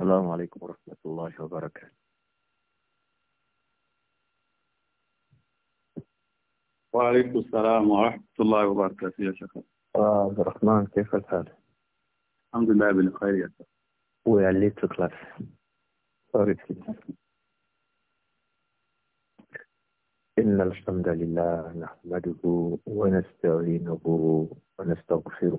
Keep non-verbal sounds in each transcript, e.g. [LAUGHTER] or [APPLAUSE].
السلام عليكم ورحمة الله وبركاته وعليكم السلام ورحمة الله وبركاته يا شيخ آه، عبد الرحمن كيف الحال؟ الحمد لله بالخير يا شيخ ويا ليت تكلف سوري إن الحمد لله نحمده ونستعينه ونستغفره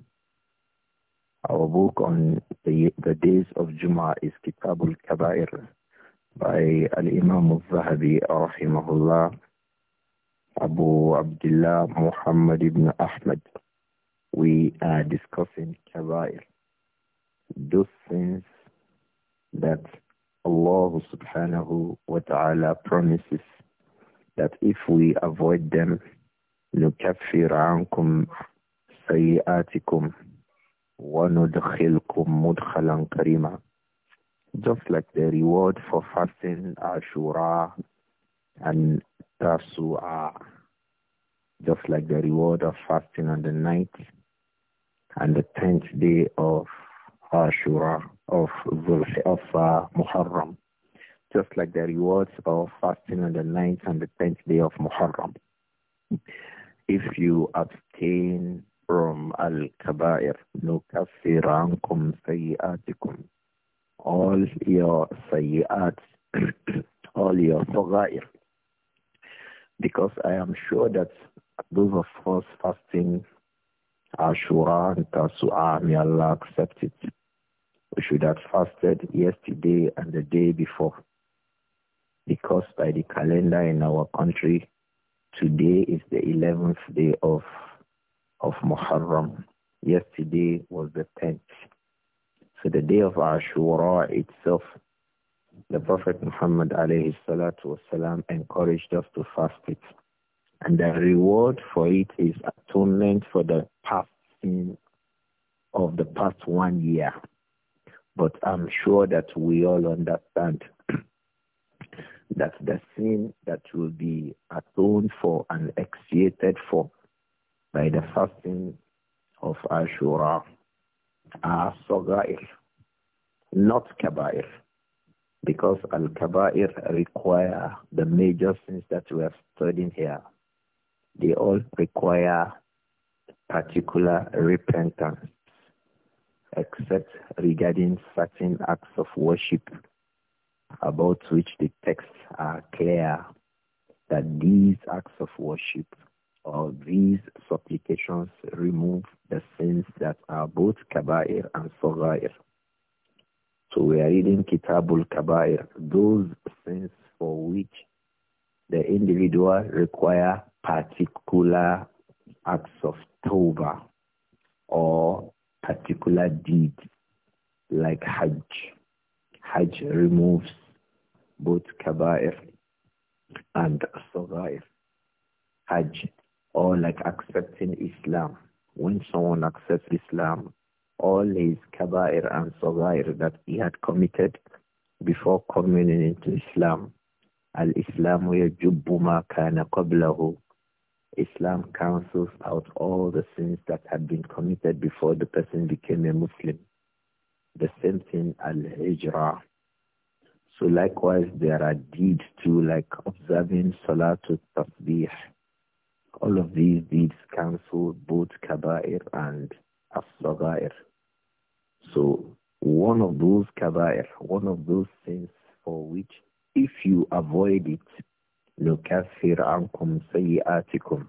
Our book on the, the days of Juma is Kitabul Kabair by Al-Imam al-Zahabi rahimahullah Abu Abdullah Muhammad ibn Ahmad. We are discussing Kabair, those things that Allah subhanahu wa ta'ala promises that if we avoid them, نكفر عنكم سيئاتكم وَنُدْخِلْكُمْ مُدْخَلًا كَرِيمًا Just like the reward for fasting Ashura and Tasu'a. Just like the reward of fasting on the ninth and the tenth day of Ashura of, of uh, Muharram. Just like the rewards of fasting on the ninth and the tenth day of Muharram. If you abstain from al-kabair, نُكَفِّرْ عَنْكُمْ All your sayyat, [CLEARS THROAT] all your sagair. Because I am sure that those of us fasting Ashura and Tasu'a, may Allah accept it. We should have fasted yesterday and the day before. Because by the calendar in our country, today is the 11th day of of Muharram. Yesterday was the 10th. So the day of Ashura itself, the Prophet Muhammad alayhi salatu wasalam encouraged us to fast it. And the reward for it is atonement for the past sin of the past one year. But I'm sure that we all understand [CLEARS THROAT] that the sin that will be atoned for and expiated for by the fasting of Ashura are Sagair, not Kabair, because Al-Kabair require the major sins that we are studying here. They all require particular repentance, except regarding certain acts of worship about which the texts are clear that these acts of worship or these supplications remove the sins that are both kaba'ir and sagair. So we are reading Kitabul Kaba'ir, those sins for which the individual require particular acts of tawbah or particular deed like Hajj. Hajj removes both kaba'ir and sagair. Hajj or like accepting Islam. When someone accepts Islam, all his kabair and sagair that he had committed before coming into Islam, al-Islam yajubbu ma kana qablahu. Islam cancels out all the sins that had been committed before the person became a Muslim. The same thing al-hijrah. So likewise, there are deeds too, like observing Salatul Tasbih, all of these deeds cancel both kaba'ir and as So one of those kaba'ir, one of those sins for which if you avoid it, نكفر عنكم سيئاتكم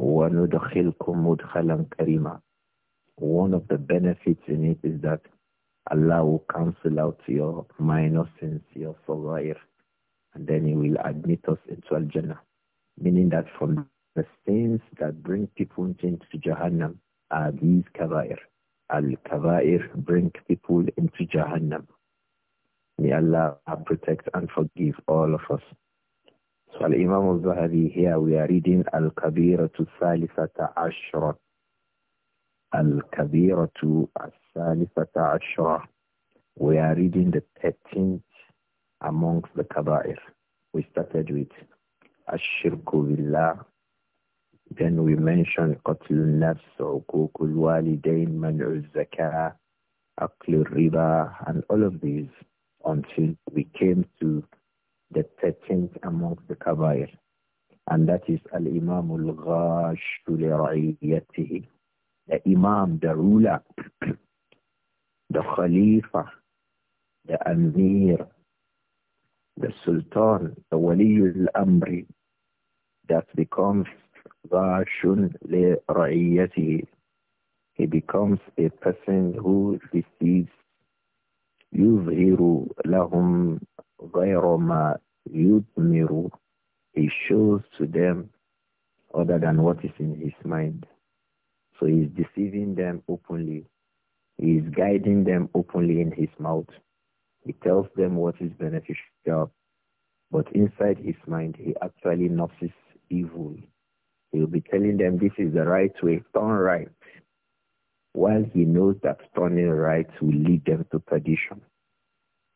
وندخلكم مدخلا karima. One of the benefits in it is that Allah will cancel out your minor sins, your sagair, and then he will admit us into Al-Jannah meaning that from the sins that bring people into Jahannam are these kabair. Al-kabair bring people into Jahannam. May Allah protect and forgive all of us. So Al-Imam al-Zahabi here, we are reading Al-Kabiratu Salifata Ashra. Al-Kabiratu Salifata Ashra. We are reading the 13th amongst the kabair. We started with الشرك بالله Then we mention قتل النفس, عقوق الوالدين, منع الزكاة, أكل الربا, and all of these until we came to the 13th among the kabair. And that is Al-Imam Al-Ghash The Imam, the ruler, the Khalifa, the Amir, the Sultan, the Wali al-Amri, that becomes bashun le He becomes a person who deceives يظهر لهم غير ما يضمر He shows to them other than what is in his mind. So he's deceiving them openly. He is guiding them openly in his mouth. He tells them what is beneficial, but inside his mind he actually knows evil. He'll be telling them this is the right way, turn right. While he knows that turning right will lead them to perdition.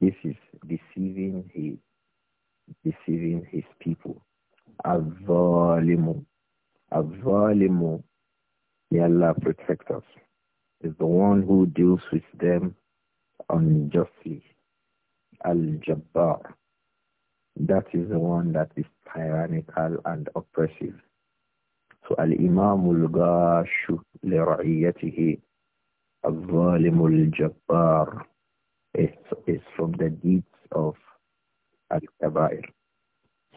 This is deceiving his, deceiving his people. Avalimu. Avalimu. May Allah protect us. Is the one who deals with them unjustly. Al-Jabbar. That is the one that is tyrannical and oppressive. So al-imam al-gashu li-ra'iyatihi al-zalim al-jabbar is from the deeds of al-kabair.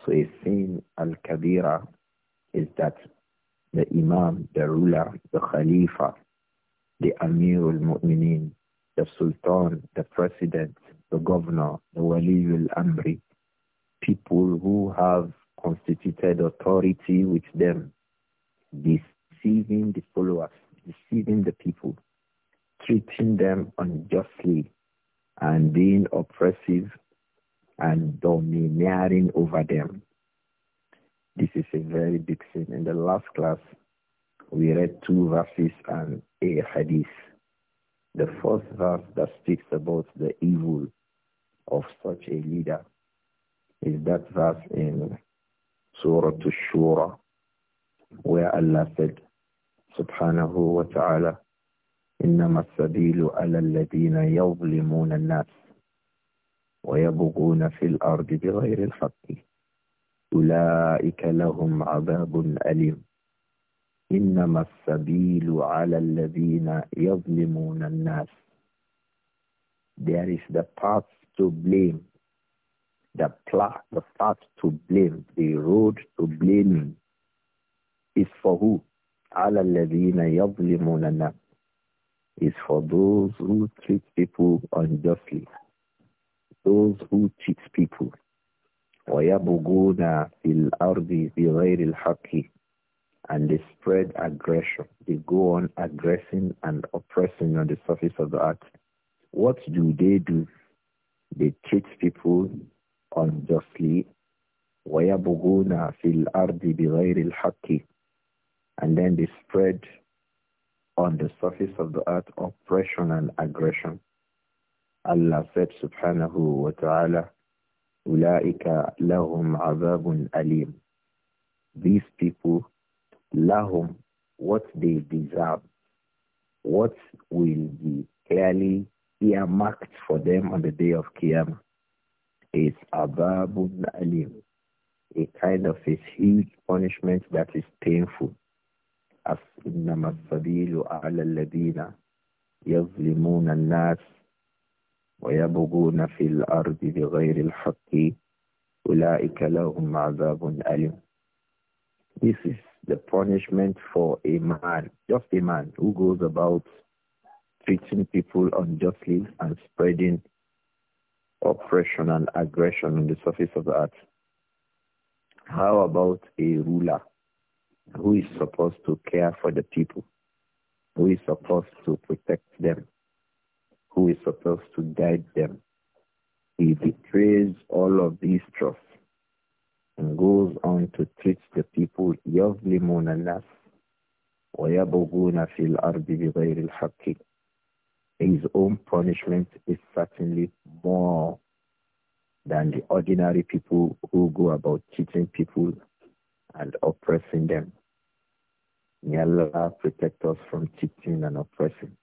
So a sin al-kabira is that the imam, the ruler, the khalifa, the amir al-mu'minin, the sultan, the president, the governor, the wali al-amri, people who have constituted authority with them, deceiving the followers, deceiving the people, treating them unjustly, and being oppressive and domineering over them. This is a very big sin. In the last class, we read two verses and a hadith. The first verse that speaks about the evil of such a leader is that verse in Surah Ash-Shura where Allah said subhanahu wa ta'ala إنما السبيل على الذين يظلمون الناس ويبغون في الأرض بغير الحق أولئك لهم عذاب أليم إنما السبيل على الذين يظلمون الناس There is the path to blame the plot, the path to blame, the road to blame, is for who? Is for those who treat people unjustly, those who cheat people. وَيَبُغُونَ فِي الْأَرْضِ بِغَيْرِ الْحَقِّ And they spread aggression. They go on aggressing and oppressing on the surface of the earth. What do they do? They treat people unjustly. وَيَبْغُونَ فِي الْأَرْضِ بِغَيْرِ الْحَقِّ And then they spread on the surface of the earth oppression and aggression. Allah said subhanahu wa ta'ala, أُولَٰئِكَ لَهُمْ عَذَابٌ أَلِيمٌ These people, lahum, what they deserve, what will be clearly earmarked for them on the day of Qiyamah is ababun alim, a kind of a huge punishment that is painful. As إنما السبيل على الذين يظلمون الناس ويبغون في الأرض بغير الحق أولئك لهم عذاب alim. This is the punishment for a man, just a man who goes about treating people unjustly and spreading oppression and aggression on the surface of the earth. How about a ruler who is supposed to care for the people, who is supposed to protect them, who is supposed to guide them? He betrays all of these trusts and goes on to treat the people يظلمون الناس ويبغون في الأرض بغير his own punishment is certainly more than the ordinary people who go about cheating people and oppressing them. May Allah protect us from cheating and oppressing.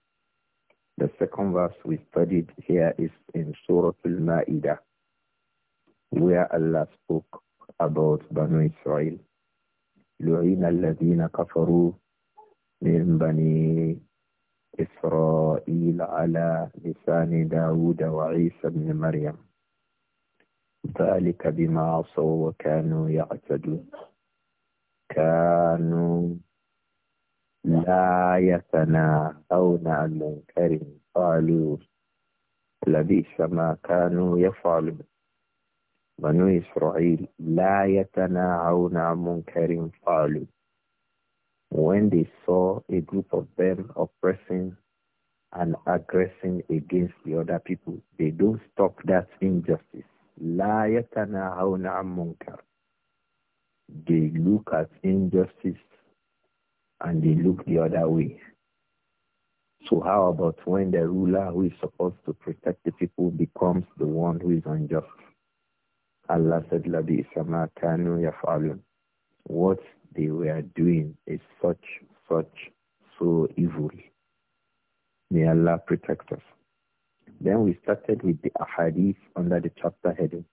The second verse we studied here is in Surah Al-Ma'idah, where Allah spoke about Banu Israel. لعن الذين كفروا من بني إسرائيل على لسان داود وعيسى بن مريم ذلك بما عصوا وكانوا يعتدون كانوا لا يتناهون عن منكر قالوا لبئس ما كانوا يفعلون بنو إسرائيل لا يتناهون عن منكر قالوا when they saw a group of them oppressing and aggressing against the other people, they don't stop that injustice. La يتناهون They look at injustice and they look the other way. So how about when the ruler who is supposed to protect the people becomes the one who is unjust? Allah said, What they were doing is such, such, so evil. May Allah protect us. Then we started with the hadith under the chapter heading.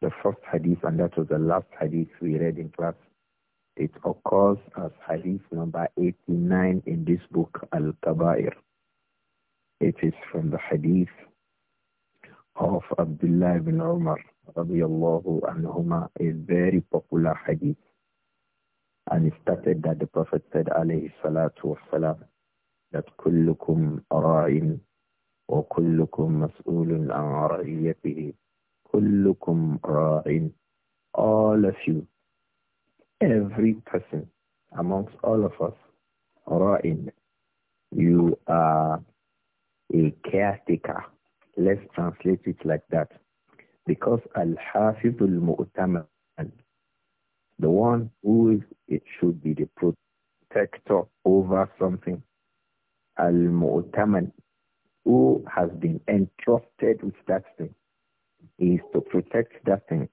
The first hadith, and that was the last hadith we read in class. It occurs as hadith number 89 in this book, Al-Kabair. It is from the hadith of Abdullah ibn Umar, radiallahu anhuma, a very popular hadith. And it started that the Prophet said, alayhi salatu wasalam, that kullukum ra'in wa kullukum mas'ulun an ra'iyatihi. Kullukum ra'in. All of you, every person amongst all of us, ra'in, you are a caretaker. Let's translate it like that. Because Al-Hafidh al the one who is, it should be the protector over something. Al-Mu'taman, who has been entrusted with that thing, he is to protect that thing.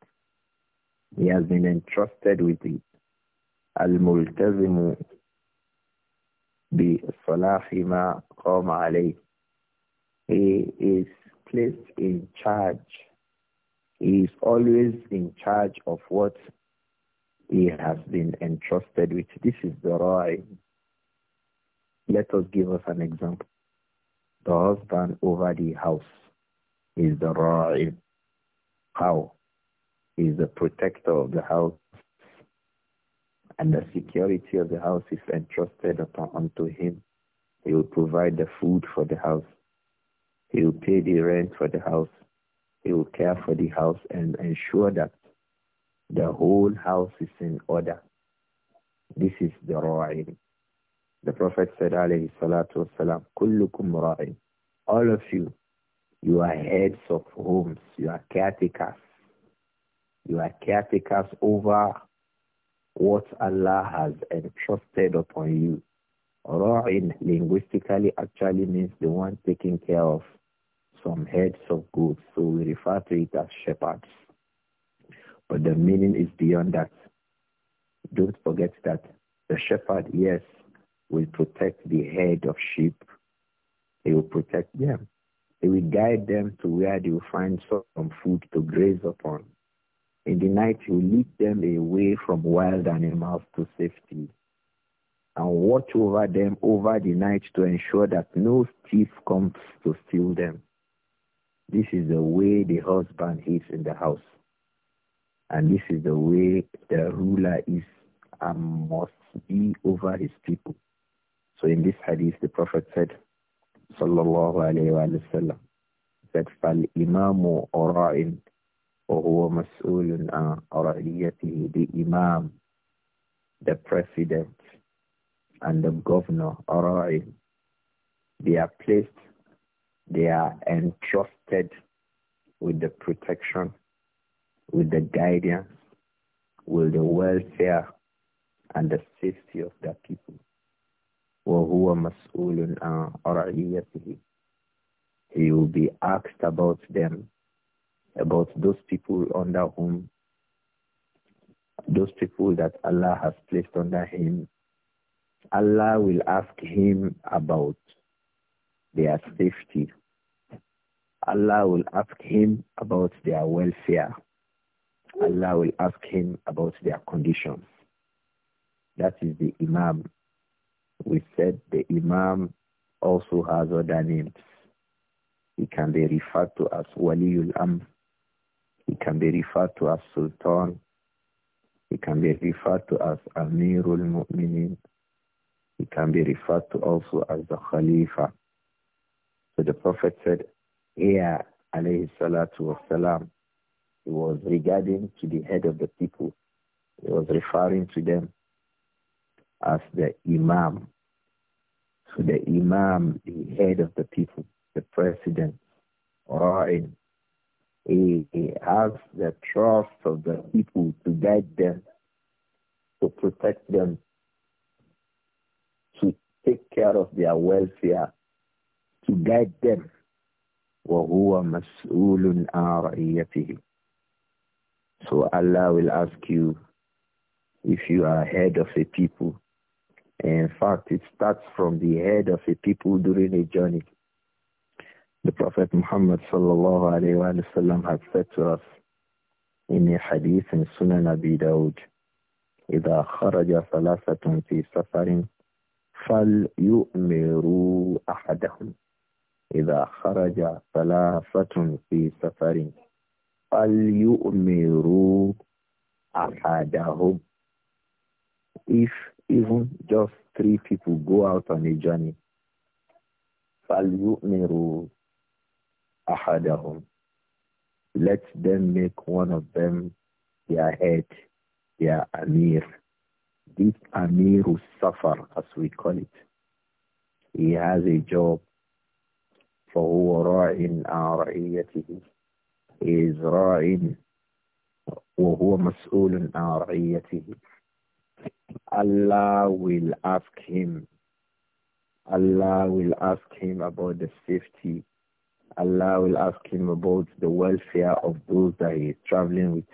He has been entrusted with it. Al-Multazimu, بصلاح ma qama عليه. He is placed in charge. He is always in charge of what he has been entrusted with. This is the rai. Let us give us an example. The husband over the house is the rai. How? the protector of the house. And the security of the house is entrusted upon unto him. He will provide the food for the house. He will pay the rent for the house. He will care for the house and ensure that the whole house is in order. This is the ra'in. The Prophet said, alayhi salatu wasalam, kullukum ra'in. All of you, you are heads of homes. You are caretakers. You are caretakers over what Allah has entrusted upon you. Ra'in linguistically actually means the one taking care of some heads of goods. So we refer to it as shepherds. But the meaning is beyond that. Don't forget that the shepherd, yes, will protect the herd of sheep. He will protect them. He will guide them to where they will find some food to graze upon. In the night, he will lead them away from wild animals to safety and watch over them over the night to ensure that no thief comes to steal them. This is the way the husband is in the house. And this is the way the ruler is and um, must be over his people. So in this hadith, the Prophet said, Sallallahu alayhi wa sallam, that فَالْإِمَامُ أَرَائِنْ وَهُوَ مَسْؤُولٌ عَنْ أَرَائِيَتِهِ The Imam, the President, and the Governor, أَرَائِنْ They are placed, they are entrusted with the protection with the guidance, with the welfare and the safety of the people. وهو مسؤول عن رعيته He will be asked about them, about those people under whom, those people that Allah has placed under him. Allah will ask him about their safety. Allah will ask him about their welfare. Allah will ask him about their conditions. That is the Imam. We said the Imam also has other names. He can be referred to as Waliul Am. He can be referred to as Sultan. He can be referred to as Amirul Mu'minin. He can be referred to also as the Khalifa. So the Prophet said, here, alayhi salatu wasalam, it was regarding to the head of the people. He was referring to them as the Imam. So the Imam, the head of the people, the president, Ra'in, he, he has the trust of the people to guide them, to protect them, to take care of their welfare, to guide them. وهو مسؤول so Allah will ask you if you are head of a people. In fact, it starts from the head of a people during a journey. The Prophet Muhammad sallallahu alayhi wa sallam has said to us in a hadith in Sunan Abi Dawud, إِذَا خَرَجَ ثَلَاثَةٌ فِي سَفَرٍ فَلْيُؤْمِرُوا أَحَدَهُمْ إِذَا خَرَجَ ثَلَاثَةٌ فِي سَفَرٍ فَلْيُؤْمِرُوا أَحَدَهُمْ If even just three people go out on a journey, فَلْيُؤْمِرُوا أَحَدَهُمْ Let them make one of them their head, their amir. This amir safar, as we call it. He has a job. فَهُوَ رَاعٍ عَن رَعِيَّتِهِ is راع وهو مسؤول عن Allah will ask him Allah will ask him about the safety Allah will ask him about the welfare of those that he is traveling with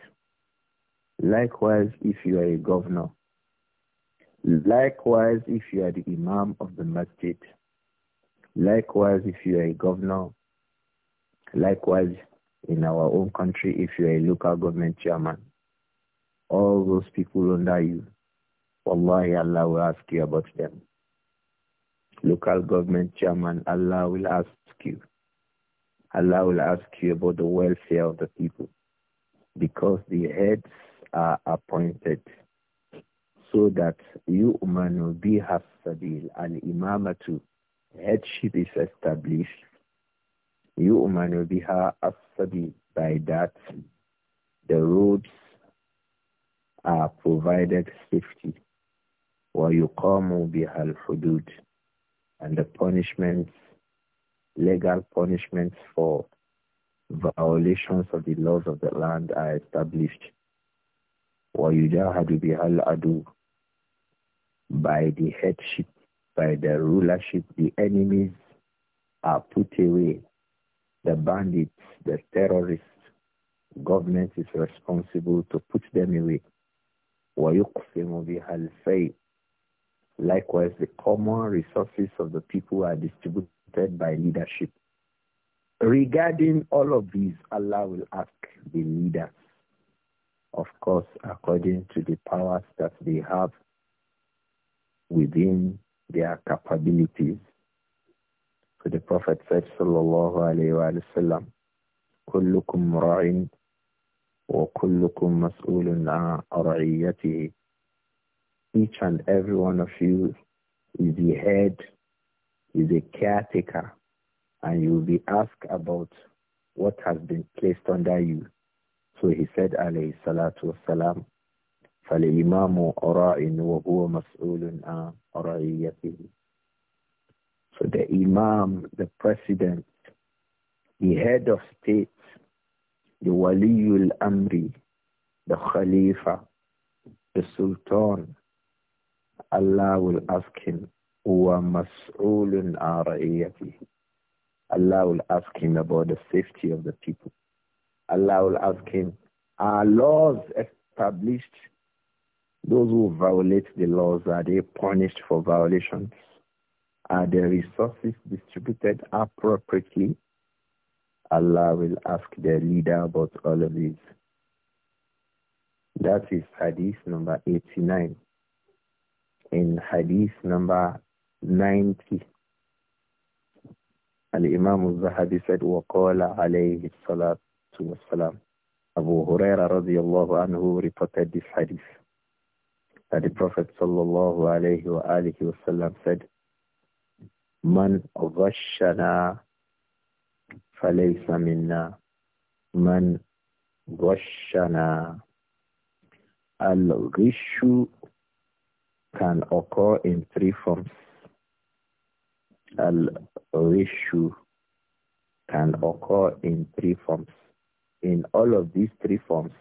likewise if you are a governor likewise if you are the imam of the masjid likewise if you are a governor likewise in our own country if you're a local government chairman. All those people under you, Wallahi, Allah will ask you about them. Local government chairman, Allah will ask you. Allah will ask you about the welfare of the people because the heads are appointed so that you umanu biha sabil al imamatu headship is established biha بها الصبي by that the roads are provided safety biha بها hudud and the punishments legal punishments for violations of the laws of the land are established biha بها adu by the headship by the rulership the enemies are put away the bandits, the terrorists, government is responsible to put them away. Likewise, the common resources of the people are distributed by leadership. Regarding all of these, Allah will ask the leaders, of course, according to the powers that they have within their capabilities so the Prophet said, Sallallahu Alaihi Wasallam, كلكم راع وكلكم مسؤول عن رعيته. Each and every one of you is the head, is a caretaker, and you will be asked about what has been placed under you. So he said, alayhi salatu wasalam, فَالْإِمَامُ أَرَائٍ وَهُوَ مَسْئُولٌ عَنْ رَعِيَّتِهِ so the imam, the president, the head of state, the waliul amri, the khalifa, the sultan, Allah will ask him, huwa mas'ulun Allah will ask him about the safety of the people. Allah will ask him, are laws established? Those who violate the laws, are they punished for violations? Are the resources distributed appropriately? Allah will ask the leader about all of this. That is hadith number 89. In hadith number 90, Al-Imam al-Zahabi said, وَقَالَ عَلَيْهِ الصَّلَاةُ وَالسَّلَامُ Abu Huraira radiallahu anhu reported this hadith. That the Prophet sallallahu alayhi wa alihi wasallam said, من غشنا فليس منا من غشنا الغش can occur in three forms. al can occur in three forms. In all of these three forms,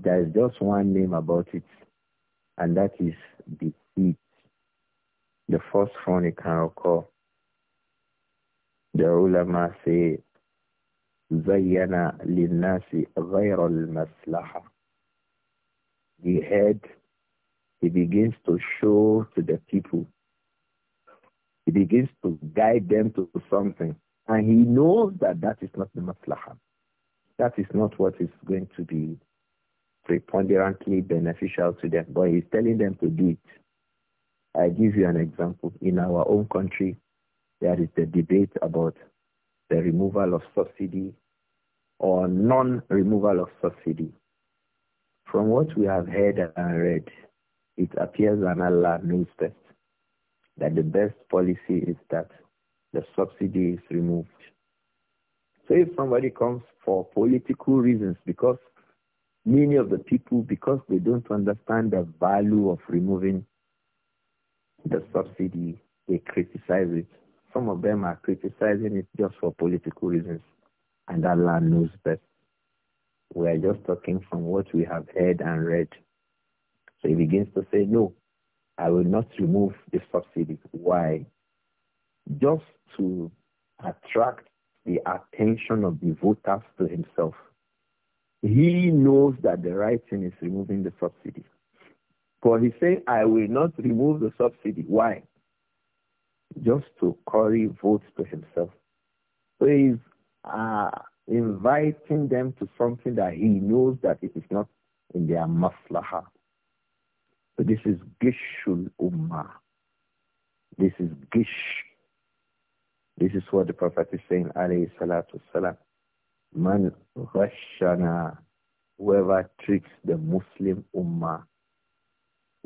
there is just one name about it, and that is deceit the first one can occur. The ulama say, زَيَّنَ لِلنَّاسِ غَيْرَ maslaha. The head, he begins to show to the people. He begins to guide them to something. And he knows that that is not the maslaha. That is not what is going to be preponderantly beneficial to them. But he's telling them to do it. I give you an example. In our own country, there is the debate about the removal of subsidy or non-removal of subsidy. From what we have heard and read, it appears and Allah knows best that the best policy is that the subsidy is removed. So if somebody comes for political reasons, because many of the people, because they don't understand the value of removing the subsidy, they criticize it. Some of them are criticizing it just for political reasons, and Allah knows best. We are just talking from what we have heard and read. So he begins to say, no, I will not remove the subsidy. Why? Just to attract the attention of the voters to himself. He knows that the right thing is removing the subsidy. But he said, I will not remove the subsidy. Why? Just to curry votes to himself. So he's uh, inviting them to something that he knows that it is not in their maslaha. So this is Gishul Ummah. This is Gish. This is what the Prophet is saying, alayhi salatu salam. Man Rashana, whoever tricks the Muslim Ummah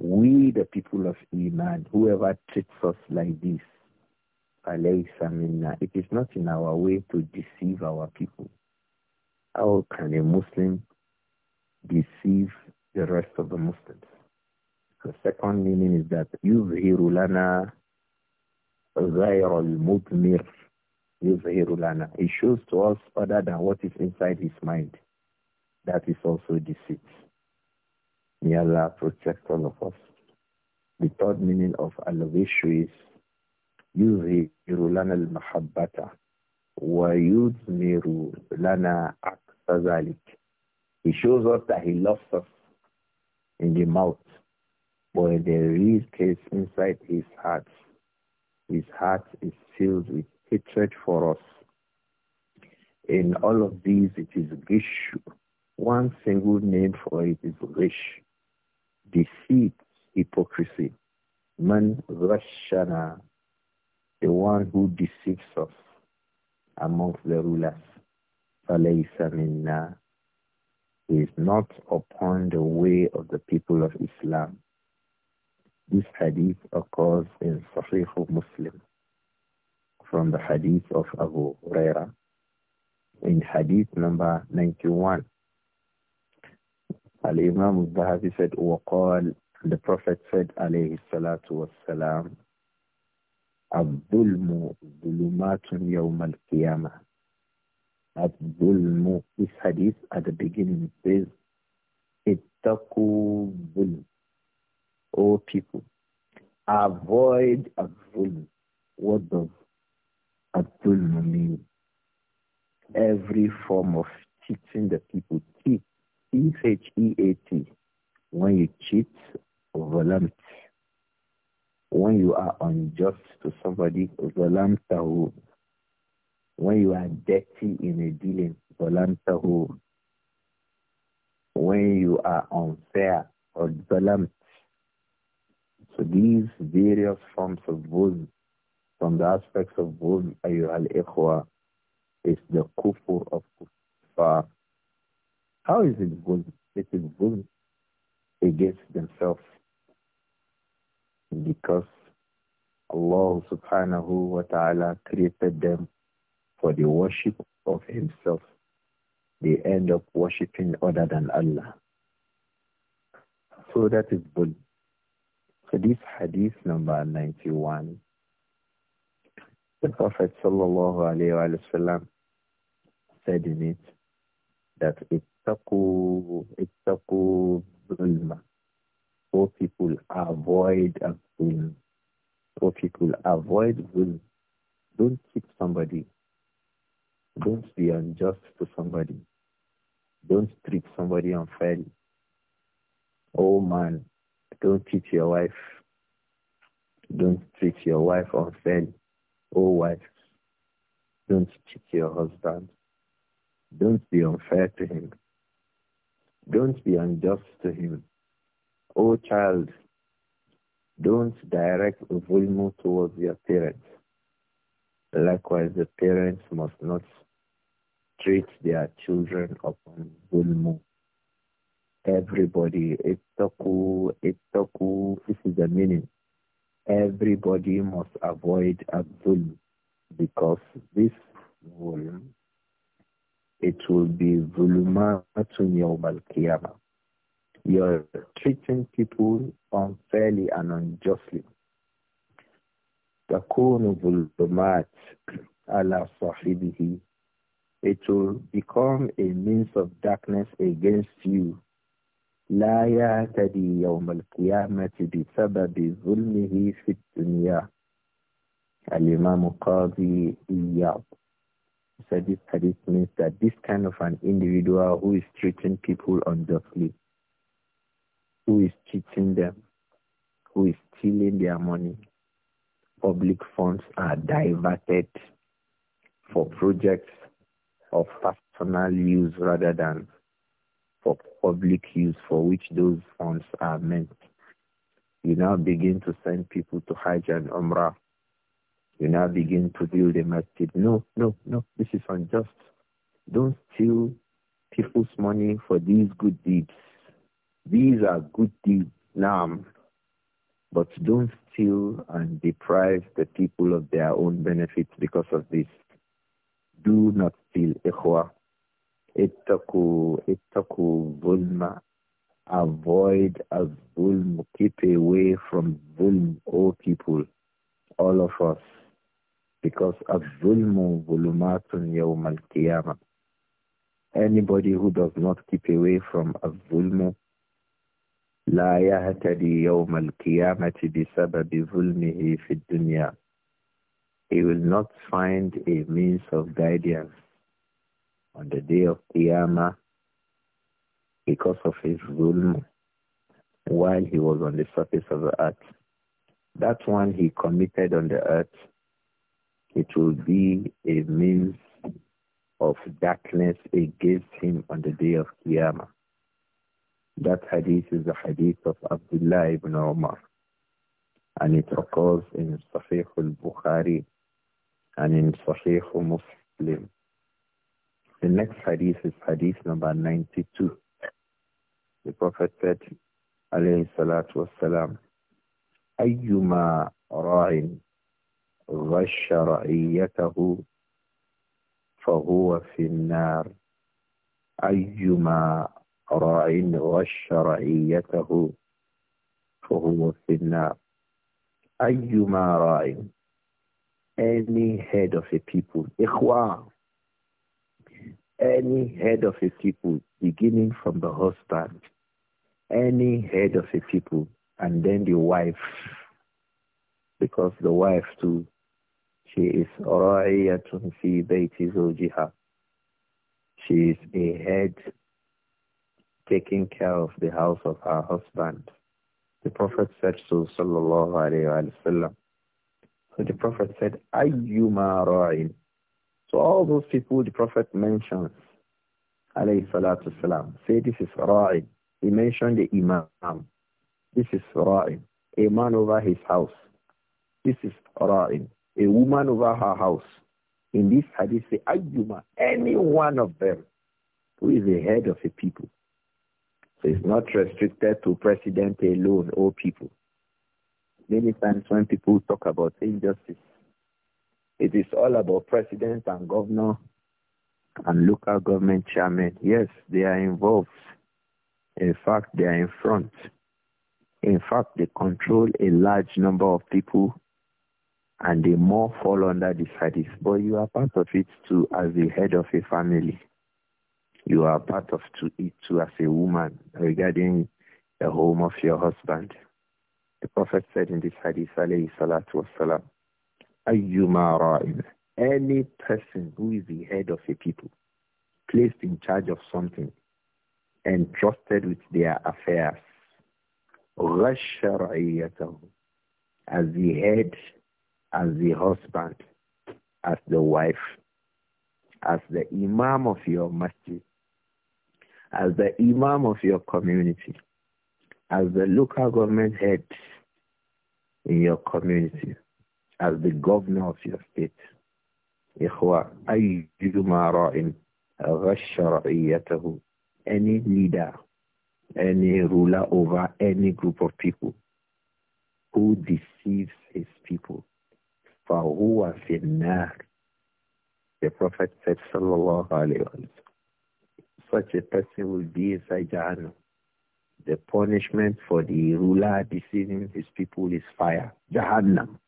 we, the people of Iman, whoever treats us like this, it is not in our way to deceive our people. How can a Muslim deceive the rest of the Muslims? The second meaning is that يظهر لنا غير المضمر يظهر لنا. He shows to us other than what is inside his mind. That is also deceit. May Allah protect all of us. The third meaning of al-wishu is يظهر لنا المحبة ويثمر لنا أكثر He shows us that he loves us in the mouth, but the real case inside his heart. His heart is filled with hatred for us. In all of these, it is wish. One single name for it is wish deceit, hypocrisy. Man Rashana, the one who deceives us amongst the rulers. Falaysa minna, is not upon the way of the people of Islam. This hadith occurs in Sahih Muslim from the hadith of Abu Huraira in hadith number 91. Al-Imam al-Zahabi said, وقال, the Prophet said, alayhi salatu wassalam, الظلم ظلمات يوم القيامة. الظلم, this hadith at the beginning says, اتقوا الظلم. O people, avoid Abdul, What does الظلم mean? Every form of teaching the people, teach." E-H-E-A-T. When you cheat, ظلمت. When you are unjust to somebody, ظلمته. When you are dirty in a dealing, ظلمته. When you are unfair, or ظلمت. So these various forms of zulm, from the aspects of zulm, أيها الإخوة, is the kufur of kufar. How is it good? It is good against themselves because Allah subhanahu wa ta'ala created them for the worship of himself. They end up worshipping other than Allah. So that is good. So this hadith number 91, the Prophet sallallahu alayhi wa sallam said in it that it اتقوا اتقوا ظلم O people avoid ظلم Oh people avoid ظلم Don't cheat somebody Don't be unjust to somebody Don't treat somebody unfairly Oh man, don't treat your wife Don't treat your wife unfairly Oh wife, don't cheat your husband don't be unfair to him. Don't be unjust to him. O oh, child, don't direct vulmo towards your parents. Likewise, the parents must not treat their children upon vulmo. Everybody, ittaku, ittaku, this is the meaning. Everybody must avoid Abdul because this will it will be volumatum yom al kiyama. You are treating people unfairly and unjustly. The will Takunu volumat ala sahibihi. It will become a means of darkness against you. La ya tadi yom al kiyamati bi sababi zulmihi fit dunya. imam Qadhi Iyad said this hadith means that this kind of an individual who is treating people unjustly, who is cheating them, who is stealing their money, public funds are diverted for projects of personal use rather than for public use for which those funds are meant. You now begin to send people to Hajj and Umrah you now begin to build a masjid. No, no, no. This is unjust. Don't steal people's money for these good deeds. These are good deeds, Naam. But don't steal and deprive the people of their own benefits because of this. Do not steal, Ikhwa. Ittaku, ittaku bulma. Avoid as zulm. Keep away from zulm, O people, all of us. Because Abdulmu Volumatun Yawm al Anybody who does not keep away from Abdulmu لا يهتدي يوم القيامة بسبب ظلمه في الدنيا. He will not find a means of guidance on the day of Qiyamah because of his zulm while he was on the surface of the earth. That one he committed on the earth it will be a means of darkness against him on the day of Qiyamah. That hadith is the hadith of Abdullah ibn Umar. And it occurs in Sahih al-Bukhari and in Sahih Muslim. The next hadith is hadith number 92. The Prophet said, alayhi salatu wassalam, أيما راعٍ غش رعيته فهو في النار أيما راع غش رعيته فهو في النار أيما راع any head of a people إخوة any head of a people beginning from the husband any head of a people and then the wife because the wife too she is ra'iyatun fi bayti zawjiha. She is a head taking care of the house of her husband. The Prophet said so, sallallahu alayhi wa So the Prophet said, ayyuma ra'in. So all those people the Prophet mentions, alayhi salatu salam, say this is ra'in. He mentioned the imam. This is ra'in. A man over his house. This is ra'in a woman over her house. In this hadith, say, Ayyuma, any one of them who is the head of a people. So it's not restricted to president alone or people. Many times when people talk about injustice, it is all about president and governor and local government chairman. Yes, they are involved. In fact, they are in front. In fact, they control a large number of people and they more fall under this hadith. But you are part of it too as the head of a family. You are part of to it too as a woman regarding the home of your husband. The Prophet said in this hadith, alayhi salatu wasalam, Ayyuma any person who is the head of a people, placed in charge of something, entrusted with their affairs, غش رعيته, as the head as the husband, as the wife, as the imam of your masjid, as the imam of your community, as the local government head in your community, as the governor of your state. إخوة أيما راء غش رعيته any leader, any ruler over any group of people who deceives his people فَهُوَ فِي The Prophet said, sallallahu alayhi Wasallam." such a person will be inside Jahannam. The punishment for the ruler deceiving his people is fire. Jahannam.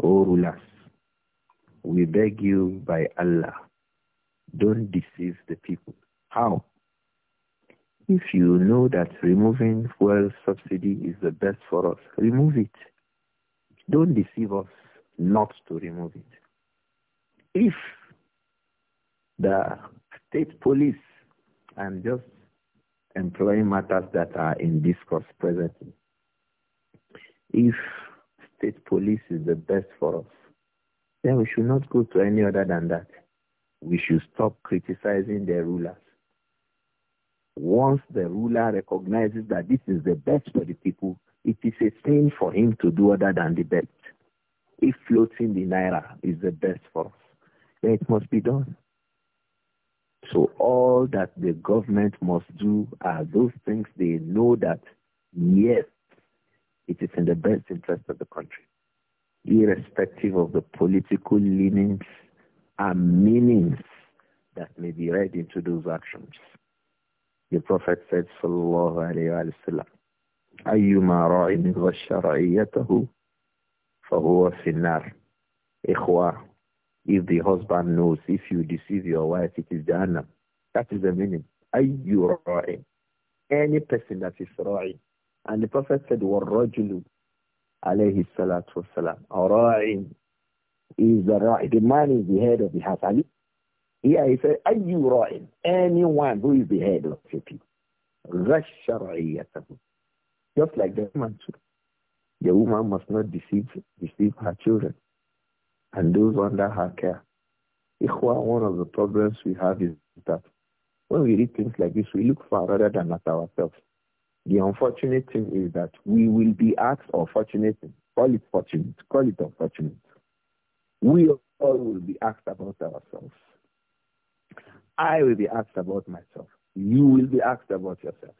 O rulers, we beg you by Allah, don't deceive the people. How? If you know that removing fuel subsidy is the best for us, remove it. Don't deceive us not to remove it. If the state police, I'm just employing matters that are in discourse presently, if state police is the best for us, then we should not go to any other than that. We should stop criticizing the rulers. Once the ruler recognizes that this is the best for the people, it is a sin for him to do other than the best if floating the naira is the best for us, then it must be done. So all that the government must do are those things they know that, yes, it is in the best interest of the country, irrespective of the political leanings and meanings that may be read into those actions. The Prophet said, Sallallahu Alaihi Wasallam, أيما راع غش رعيته فَهُوَ فِي النَّارِ if the husband knows, if you deceive your wife, it is Jahannam. That is the meaning. أَيُّ رَاعٍ Any person that is ra'i. And the Prophet said, "Warajul alayhi salatu wasalam. is the ra'i. The man is the head of the house. Ali. Here he said, أَيُّ رَاعٍ Anyone who is the head of the people. Just like the man too. The woman must not deceive, deceive her children and those under her care. Ikhwa, one of the problems we have is that when we read things like this, we look far rather than at ourselves. The unfortunate thing is that we will be asked or fortunate, call it fortunate, call it unfortunate. We all will be asked about ourselves. I will be asked about myself. You will be asked about yourself.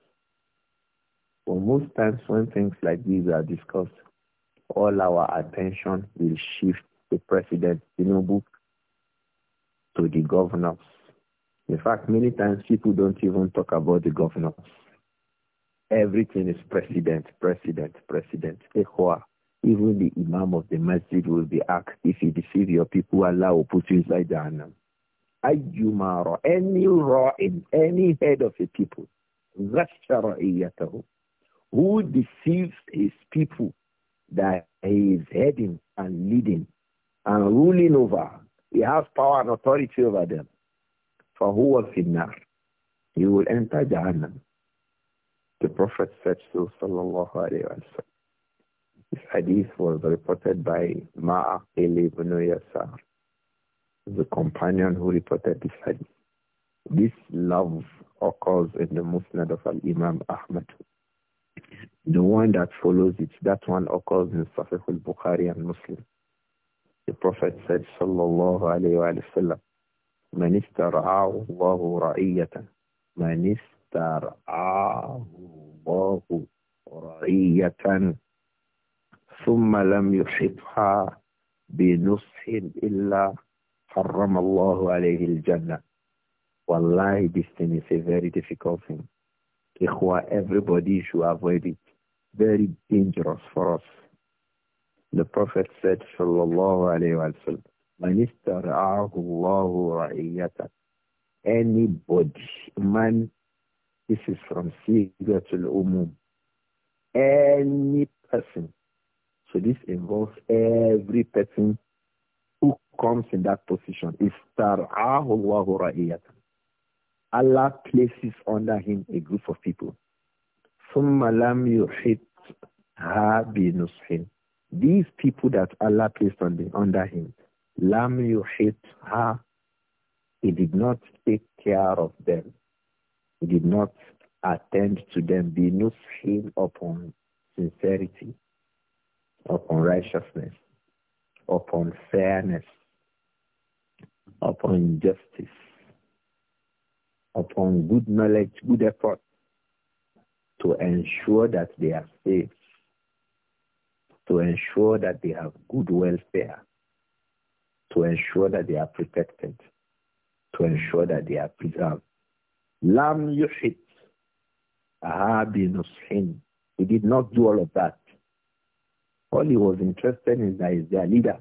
But most times when things like these are discussed, all our attention will shift to President Tinubu, to the governors. In fact, many times people don't even talk about the governors. Everything is president, president, president. Even the imam of the masjid will be asked, if he deceive your people, Allah will put you inside Jahannam. Ayyuma any raw in any head of the people who deceives his people that he is heading and leading and ruling over. He has power and authority over them. For who was in nar? He will enter Jahannam. The Prophet said so, sallallahu alayhi wa sallam. This hadith was reported by Ma'a ibn Yasar, the companion who reported this hadith. This love occurs in the Musnad of Al-Imam Ahmad. The one that follows it, that one occurs in Sahih al-Bukhari and Muslim. The Prophet said, Sallallahu alayhi Wasallam, Man istara'ahu ra'iyatan. Man istara'ahu ra'iyatan. ثم لم يحبها بنصح إلا حرم الله عليه الجنة. Wallahi, this thing is a very difficult thing. Ikhwa, everybody should avoid it. Very dangerous for us. The Prophet said, Sallallahu Alaihi Wasallam, Man Allahu Anybody, man, this is from Sigatul Umum. Any person. So this involves every person who comes in that position. Istara'ahu Allahu Ra'iyatan Allah places under him a group of people. These people that Allah placed the, under him, Lam Ha, he did not take care of them. He did not attend to them, be upon sincerity, upon righteousness, upon fairness, upon justice upon good knowledge, good effort to ensure that they are safe, to ensure that they have good welfare, to ensure that they are protected, to ensure that they are preserved. Lam yushit nushin. He did not do all of that. All he was interested in is that he's their leader.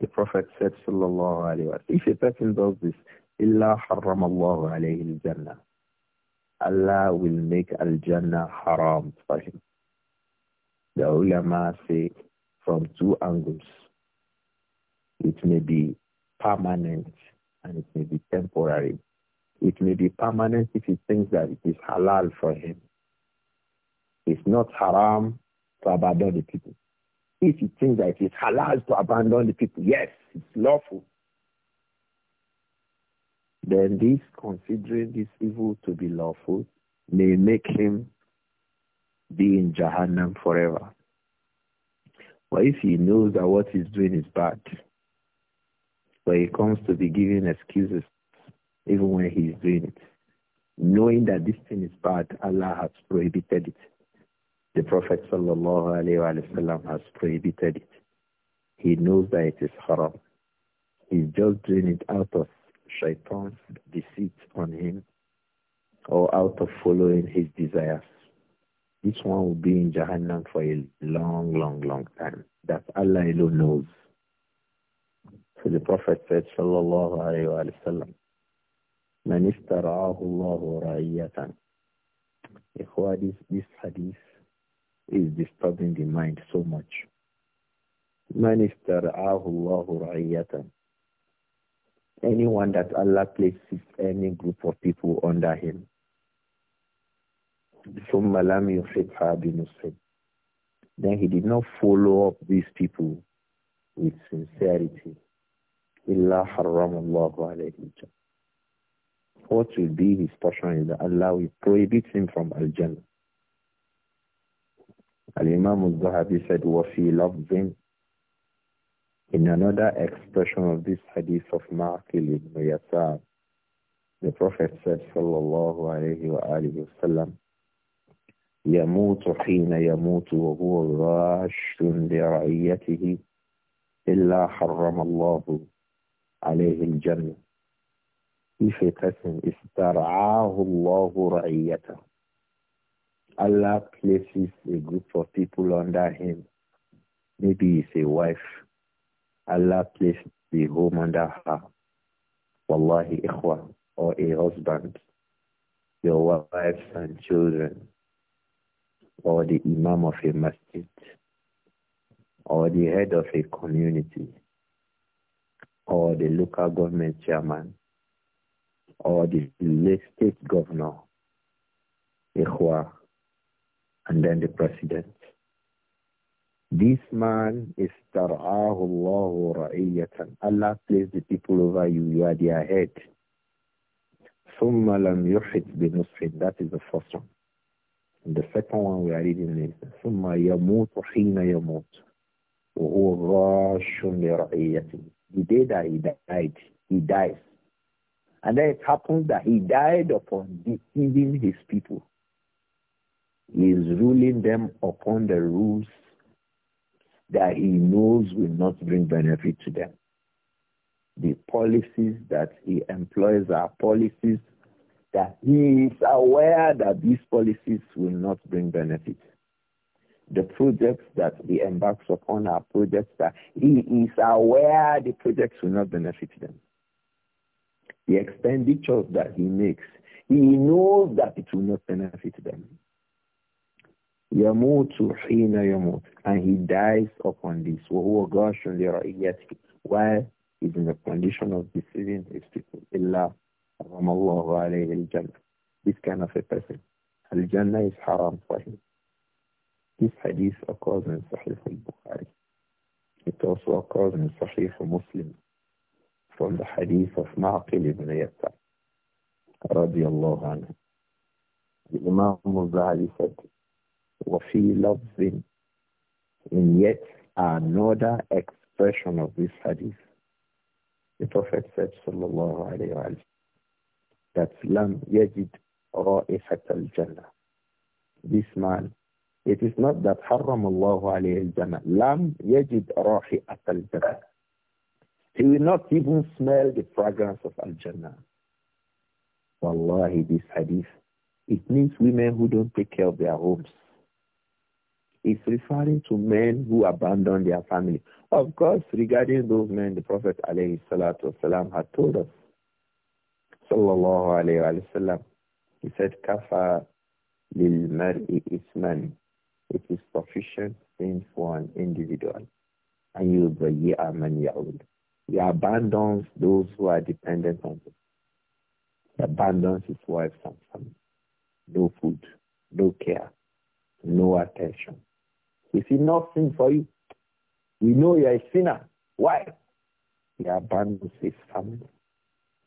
The Prophet said, Sallallahu Alaihi Wasallam, if a person does this, إِلَّا حَرَّمَ اللَّهُ عَلَيْهِ الْجَنَّةِ Allah will make al-Jannah haram for him. The ulama say from two angles. It may be permanent and it may be temporary. It may be permanent if he thinks that it is halal for him. It's not haram to abandon the people. If he thinks that it is halal to abandon the people, yes, it's lawful then this considering this evil to be lawful may make him be in Jahannam forever. But if he knows that what he's doing is bad, but he comes to be giving excuses even when he's doing it, knowing that this thing is bad, Allah has prohibited it. The Prophet wasallam has prohibited it. He knows that it is haram. He's just doing it out of shaitan's deceit on him or out of following his desires. each one will be in Jahannam for a long, long, long time. That Allah alone knows. So the Prophet said, Sallallahu Alaihi Wasallam, Man istara'ahu Allahu ra'iyatan. This, this hadith is disturbing the mind so much. Man istara'ahu Allahu ra'iyatan anyone that Allah places any group of people under him. Then he did not follow up these people with sincerity. What will be his portion is that Allah will prohibit him from Al-Jannah. Al-Imam al-Zahabi said, he loved him? In another expression of this hadith of Ma'qil ibn Yasar, the Prophet said, sallallahu alayhi wa alihi wasallam, يموت حين يموت وهو راش لرعيته إلا حرم الله عليه الجنة. If a person استرعاه الله رعيته, Allah places a group of people under him. Maybe it's a wife, Allah please the home under her. Wallahi ikhwa, or a husband, your wives and children, or the imam of a masjid, or the head of a community, or the local government chairman, or the state governor, ikhwa, and then the president. This man is tar'ahullahu ra'iyatan. Allah placed the people over you, you are their head. ثُمَّ لَمْ يُحِتْ بِنُصْحٍ That is the first one. And the second one we are reading is ثُمَّ يَمُوتُ حِينَ يَمُوتُ وَهُوَ غَاشٌ لِرَعِيَّتِهِ The day that he died, he dies. And then it happens that he died upon deceiving his people. He is ruling them upon the rules that he knows will not bring benefit to them. The policies that he employs are policies that he is aware that these policies will not bring benefit. The projects that he embarks upon are projects that he is aware the projects will not benefit them. The expenditures that he makes, he knows that it will not benefit them. يَمُوتُ حِينَ Yamut, And he dies upon this. وَهُوَ غَاشٌ لِرَئِيَّتِهِ Why? He's in the condition of deceiving his people. إِلَّا حَرَمَ اللَّهُ عَلَيْهِ الْجَنَّةِ This kind of a person. Al-Jannah is haram for him. This hadith occurs in Sahih al-Bukhari. It also occurs in Sahih Muslim from the hadith of Ma'qil ibn Yatta, radiyallahu anhu. The Imam al-Zahabi said, وَفِي لَفْظٍ In yet another expression of this hadith, the Prophet said, sallallahu alayhi wa that lam yajid ra'ihat al-jannah. This man, it is not that haram Allah alayhi al-jannah. Lam yajid ra'ihat al-jannah. He will not even smell the fragrance of al-jannah. Wallahi, this hadith, it means women who don't take care of their homes is referring to men who abandon their family. Of course, regarding those men, the Prophet alayhi salatu wasalam had told us, sallallahu alayhi wa sallam, he said, kafa lil mar'i isman. It is sufficient thing for an individual. And you bayyi'a man He abandons those who are dependent on him. He abandons his wife and family. No food, no care, no attention. Is it not sin for you? We know you're a sinner. Why? He abandons his family.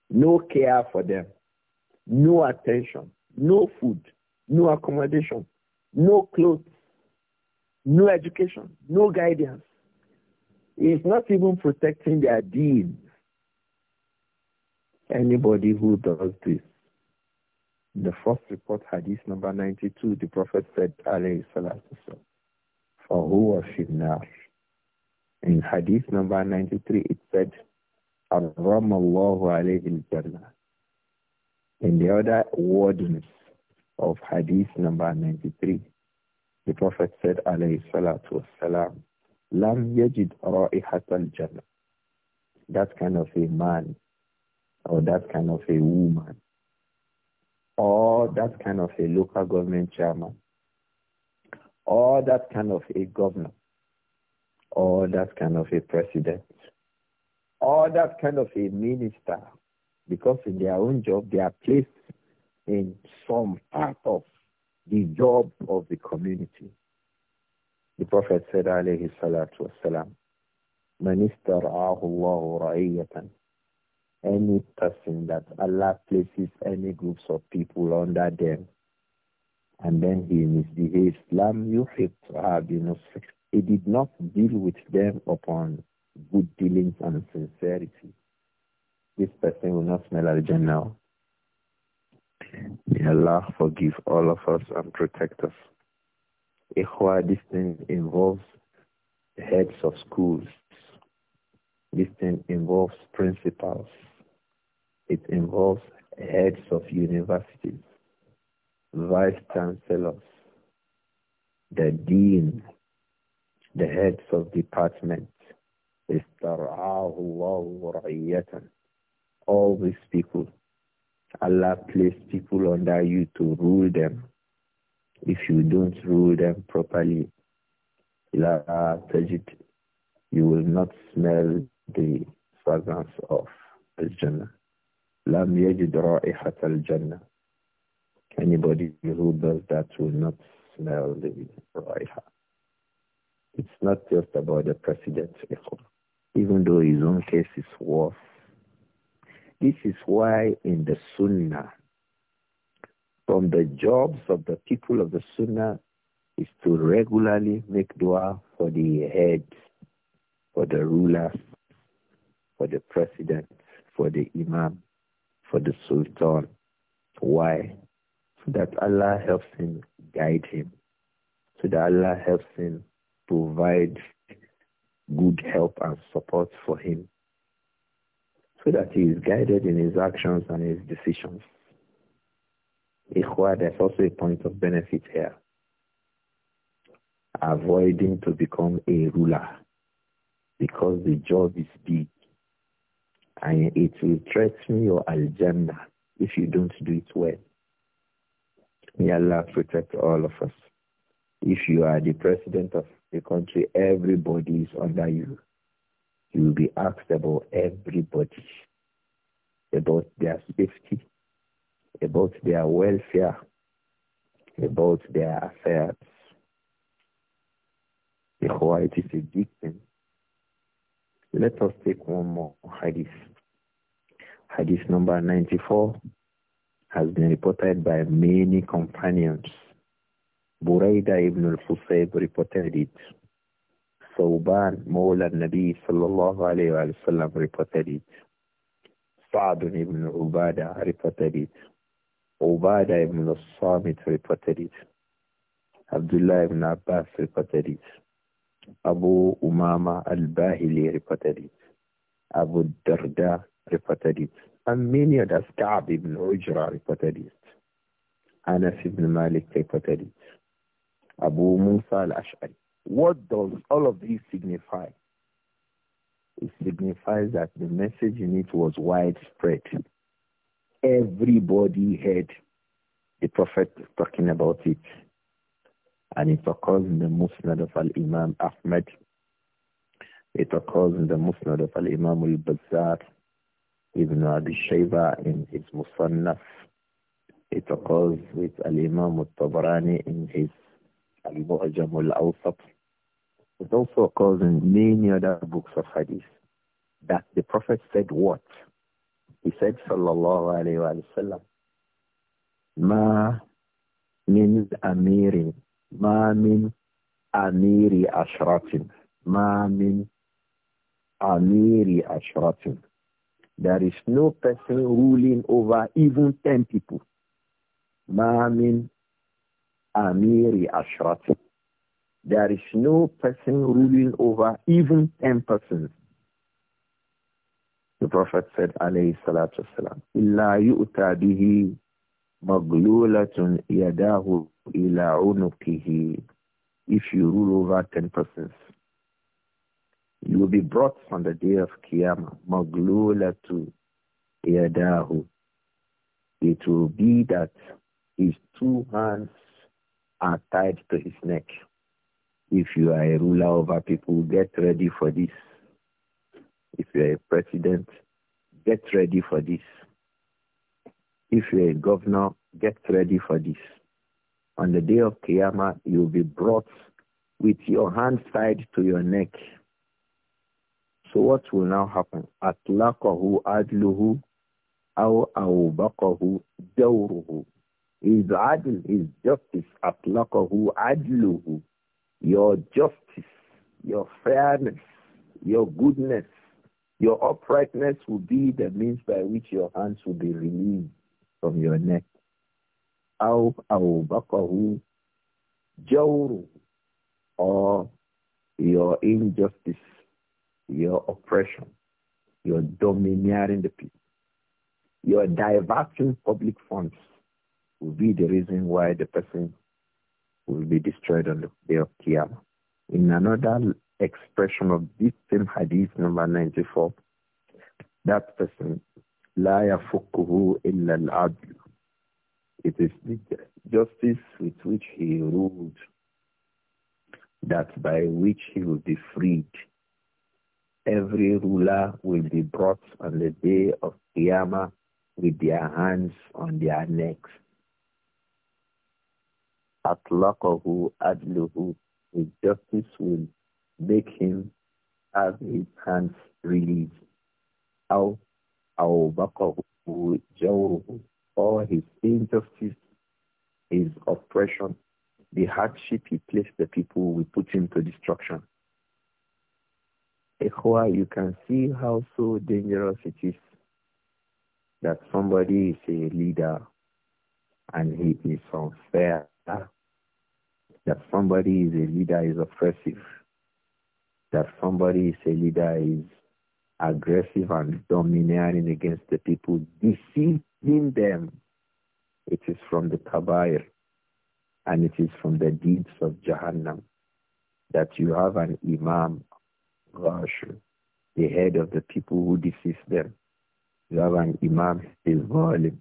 No care for them. No attention. No food. No accommodation. No clothes. No education. No guidance. He's not even protecting their deeds. Anybody who does this, the first report, hadith number 92, the Prophet said, alayhi salatu was she now? in hadith number 93 it said حرم الله عليه الجنة in the other words of hadith number 93 the prophet said عليه الصلاة والسلام لم يجد رائحة jannah that kind of a man or that kind of a woman or that kind of a local government chairman or that kind of a governor, or that kind of a president, or that kind of a minister, because in their own job they are placed in some part of the job of the community. The Prophet said, alayhi salatu wasalam, Man istara'ahu Allahu Any person that Allah places any groups of people under them, and then he misbehaves. Lam He did not deal with them upon good dealings and sincerity. This person will not smell again now. May Allah forgive all of us and protect us. Ikhwa, this thing involves the heads of schools. This thing involves principals. It involves heads of universities vice chancellors, the dean, the heads of departments, all these people, Allah placed people under you to rule them. If you don't rule them properly, you will not smell the fragrance of the jannah لم يجد رائحة الجنة Anybody who does that will not smell the raiha. It's not just about the president, even though his own case is worse. This is why in the Sunnah, from the jobs of the people of the Sunnah is to regularly make dua for the heads, for the rulers, for the president, for the imam, for the sultan. Why? so that Allah helps him guide him, so that Allah helps him provide good help and support for him, so that he is guided in his actions and his decisions. Ikhwa, there's also a point of benefit here. Avoiding to become a ruler because the job is big and it will threaten your al-jannah if you don't do it well. May Allah protect all of us. If you are the president of a country, everybody is under you. You will be asked about everybody, about their safety, about their welfare, about their affairs. Because it is a big thing. Let us take one more hadith. Hadith number 94 has been reported by many companions. Buraida ibn al fusayb reported it. Sauban, Mawla al-Nabi sallallahu alayhi wa sallam reported it. Sa'd ibn Ubada reported it. Ubada ibn al-Samit reported it. Abdullah ibn Abbas reported it. Abu Umama al-Bahili reported it. Abu Darda reported it. Ka'b ibn Ujra reported it. Anas ibn Malik reported it. Abu Musa al-Ash'ari. What does all of this signify? It signifies that the message in it was widespread. Everybody heard the Prophet talking about it. And it occurs in the Musnad of Al-Imam Ahmad. It occurs in the Musnad of Al-Imam Al-Bazar. Ibn Abi Shayba in his Musannaf. It occurs with Al-Imam al-Tabarani in his Al-Mu'jam al-Awsat. It also occurs in many other books of hadith that the Prophet said what? He said, sallallahu alayhi wa sallam, ma min amirin, ma min amiri ashratin, ma min amiri ashratin. There is no person ruling over even 10 people. Ma'amin Amiri Ashrat. There is no person ruling over even 10 persons. The Prophet said, alayhi salatu wasalam, Illa yu'ta bihi maglulatun yadahu ila unukihi. If you rule over 10 persons, you will be brought on the day of Qiyamah, maglulatu yadahu. It will be that his two hands are tied to his neck. If you are a ruler over people, get ready for this. If you are a president, get ready for this. If you are a governor, get ready for this. On the day of Qiyamah, you will be brought with your hands tied to your neck. So what will now happen? Atlaqahu adluhu, أو أوبقه دوره. His adl, his justice, Atlaqahu adluhu, Your justice, your fairness, your goodness, your uprightness will be the means by which your hands will be relieved from your neck. أو أوبقه جوره or your injustice your oppression, your domineering the people, your diverting public funds will be the reason why the person will be destroyed on the day of Qiyamah. In another expression of this same hadith, number 94, that person, لا يفقه إلا العدل. It is the justice with which he ruled that by which he will be freed every ruler will be brought on the day of Qiyamah with their hands on their necks. Atlaqahu adluhu. His justice will make him have his hands released. Aw awbaqahu jawruhu. Or his injustice, his oppression, the hardship he placed the people will put him to destruction. Ikhwa, you can see how so dangerous it is that somebody is a leader and he is unfair, that somebody is a leader is oppressive, that somebody is a leader is aggressive and domineering against the people, deceiving them. It is from the Kabair and it is from the deeds of Jahannam that you have an imam the head of the people who deceives them. You have an imam, he's Zalim,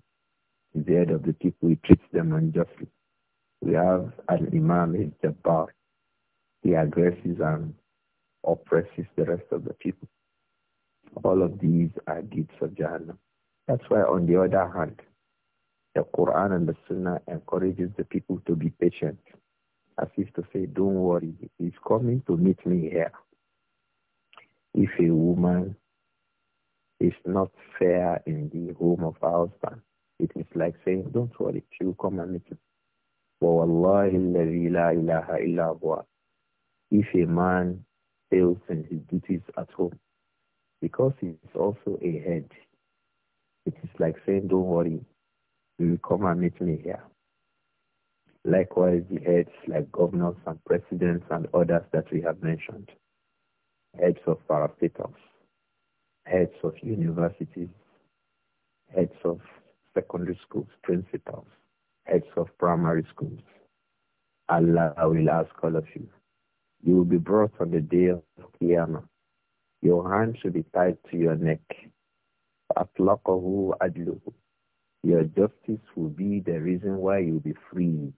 he's the head of the people, who treats them unjustly. We have an imam, he's Jabbar, he aggresses and oppresses the rest of the people. All of these are deeds of Jahannam. That's why on the other hand, the Quran and the Sunnah encourages the people to be patient, as if to say, don't worry, he's coming to meet me here. If a woman is not fair in the home of her husband, it is like saying, don't worry, she will come and meet you. If a man fails in his duties at home, because he is also a head, it is like saying, don't worry, you will come and meet me here. Likewise, the heads like governors and presidents and others that we have mentioned heads of parastatals, heads of universities, heads of secondary schools, principals, heads of primary schools. Allah will ask all of you. You will be brought on the day of Qiyamah. Your hands should be tied to your neck. أطلقه عدله. Your justice will be the reason why you'll be freed.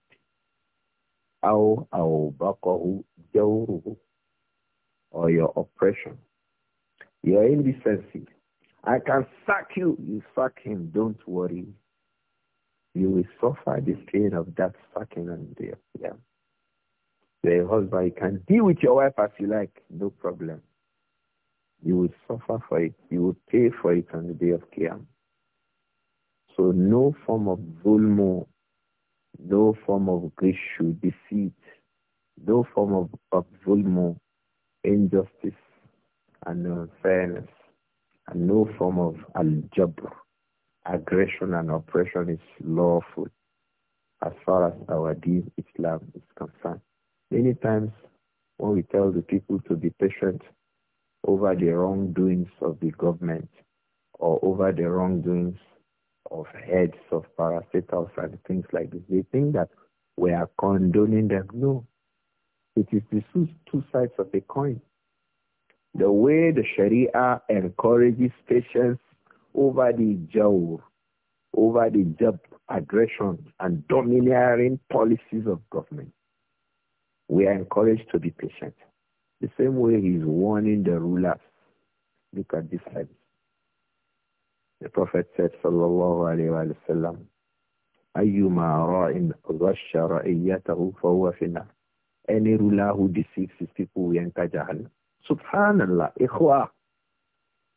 أو أوبقه or your oppression. You're I can sack you. You sack him. Don't worry. You will suffer the pain of that sucking and the yeah. The husband you can deal with your wife as you like, no problem. You will suffer for it. You will pay for it on the day of care. So no form of zulmo, no form of grishu, deceit, no form of, of injustice and unfairness and no form of al-jabr, aggression and oppression is lawful as far as our deen Islam is concerned. Many times when we tell the people to be patient over the wrongdoings of the government or over the wrongdoings of heads of parastatals and things like this, they think that we are condoning them. No, it is the two sides of the coin. The way the Sharia encourages patience over the jawr, over the job aggression and domineering policies of government. We are encouraged to be patient. The same way he is warning the rulers. Look at this hadith. The Prophet said, Sallallahu Alaihi Wasallam, أيما راع غش رعيته فهو في النار any ruler who deceives his people will enter Jahannam. Subhanallah, ikhwa.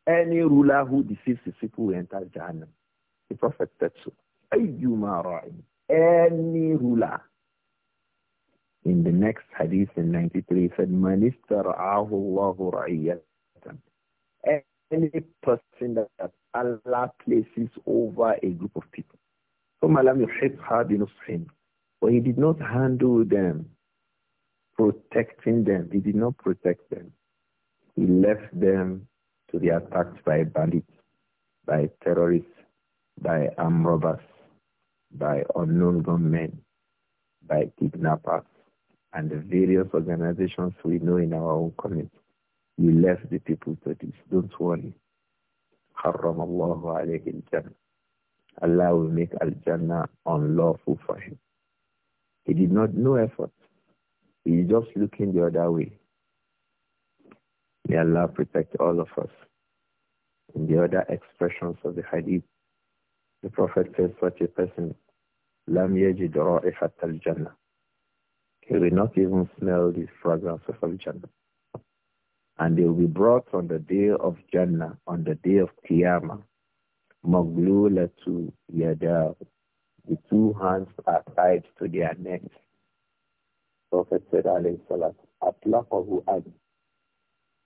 Any ruler who deceives his people will enter Jahannam. The Prophet said so. Any ruler. In the next hadith in 93, he said, Manistar'ahu Allahu ra'iyatan. Any person that Allah places over a group of people. ثم لم يحبها بنصح. But he did not handle them protecting them. He did not protect them. He left them to be attacked by bandits, by terrorists, by armed robbers, by unknown gunmen, by kidnappers, and the various organizations we know in our own community. He left the people to this. Don't worry. حرم الله عليه الجنة. Allah will make Al-Jannah unlawful for him. He did not, no effort. He's just looking the other way. May Allah protect all of us. In the other expressions of the hadith, the Prophet says such a person, Lam yajid ra'ihat al-jannah. He will not even smell the fragrance of Jannah. And they will be brought on the day of Jannah, on the day of Qiyamah. Maglula to Yadaw. The two hands are tied to their necks. Prophet said, alayhi salat, atlaqahu ad.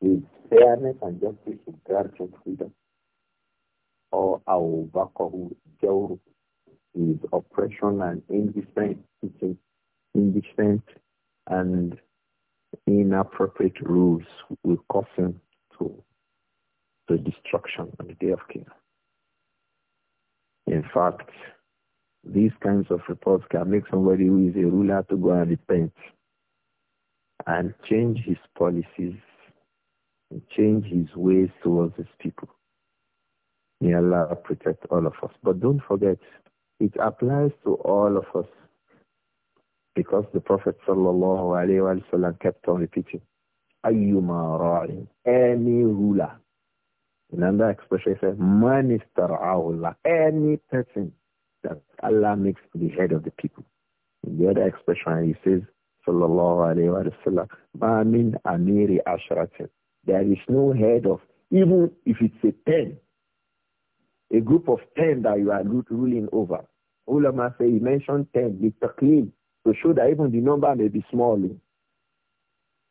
With fairness and justice to granted freedom. Or awbaqahu jawru. With oppression and indifferent indifferent and inappropriate rules will cause him to, the destruction on the day of King. In fact, these kinds of reports can make somebody who is a ruler to go and repent and change his policies and change his ways towards his people. May Allah protect all of us. But don't forget, it applies to all of us because the Prophet sallallahu alaihi wasallam kept on repeating, "Ayyuma ra'in," any ruler. In another expression, he says, "Man istar'ahu Any person that Allah makes the head of the people. In the other expression, he says, Sallallahu Alaihi Wasallam, Ma min amiri ashratin. There is no head of, even if it's a ten, a group of ten that you are ruling over. Ulama say he mentioned ten, the taqlid, to show that even the number may be small.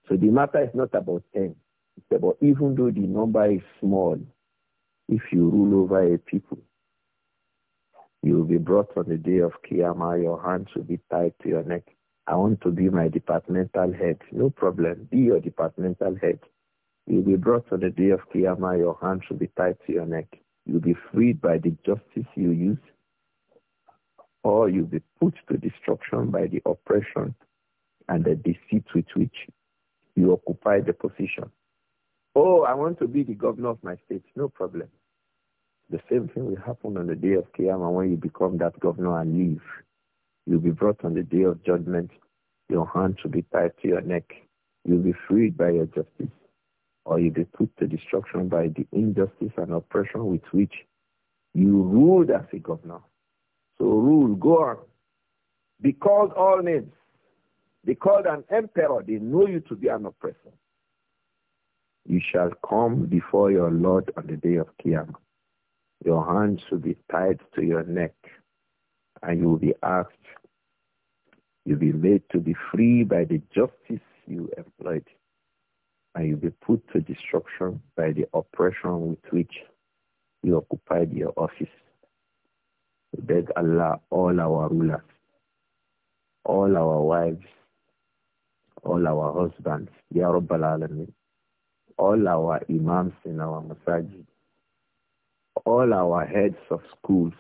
So the matter is not about ten. It's about even though the number is small, if you rule over a people, you will be brought on the day of Kiyama. Your hands will be tied to your neck. I want to be my departmental head. No problem. Be your departmental head. You'll be brought on the day of Kiyama. Your hands will be tied to your neck. You'll be freed by the justice you use, or you'll be put to destruction by the oppression and the deceit with which you occupy the position. Oh, I want to be the governor of my state. No problem. The same thing will happen on the day of Qiyamah when you become that governor and leave. You'll be brought on the day of judgment. Your hands will be tied to your neck. You'll be freed by your justice. Or you'll be put to destruction by the injustice and oppression with which you ruled as a governor. So rule, go on. Be called all names. Be called an emperor. They know you to be an oppressor. You shall come before your Lord on the day of Qiyamah. Your hands should be tied to your neck and you will be asked, you'll be made to be free by the justice you employed and you'll be put to destruction by the oppression with which you occupied your office. We beg Allah, all our rulers, all our wives, all our husbands, Ya Rabbal Alameen, all our imams in our masajid, all our heads of schools,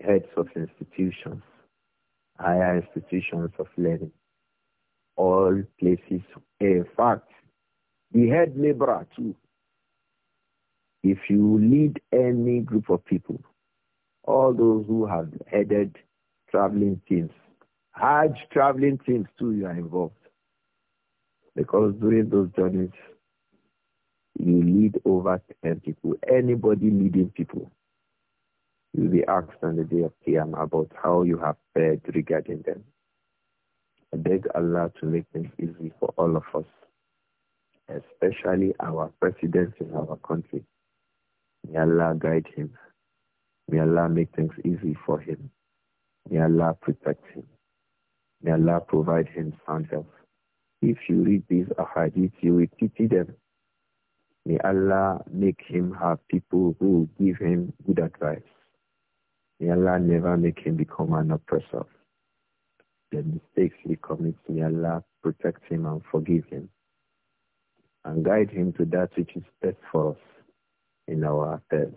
heads of institutions, higher institutions of learning, all places. In fact, the head laborer too. If you lead any group of people, all those who have headed traveling teams, hard traveling teams too, you are involved. Because during those journeys, you lead over 10 people. Anybody leading people, you'll be asked on the day of Qiyamah about how you have fared regarding them. I beg Allah to make things easy for all of us, especially our president in our country. May Allah guide him. May Allah make things easy for him. May Allah protect him. May Allah provide him sound health. If you read these ahadith, you will pity them. May Allah make him have people who give him good advice. May Allah never make him become an oppressor. The mistakes he commits, may Allah protect him and forgive him and guide him to that which is best for us in our affairs.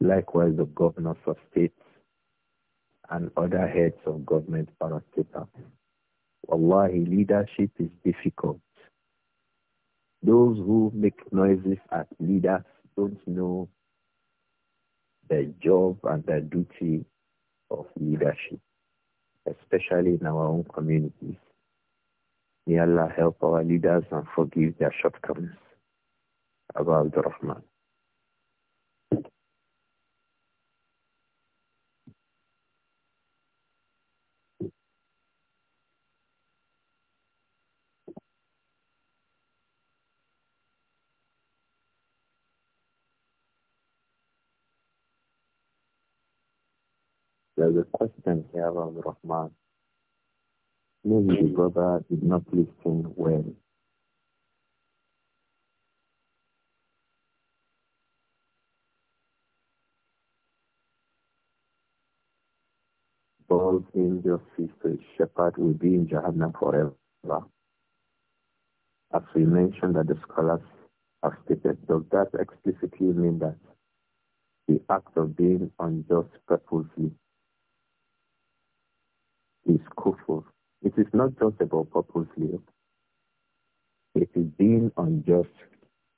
Likewise, the governors of states and other heads of government are Allah, Wallahi, leadership is difficult. Those who make noises as leaders don't know the job and the duty of leadership, especially in our own communities. May Allah help our leaders and forgive their shortcomings. Abu Abdurrahman. there's a question here on Rahman. Maybe the brother did not listen well. Both angels, sisters, shepherd will be in Jahannam forever. As we mentioned that the scholars have stated, does that explicitly mean that the act of being unjust purposely is kufur. It is not just about purposely. It is being unjust,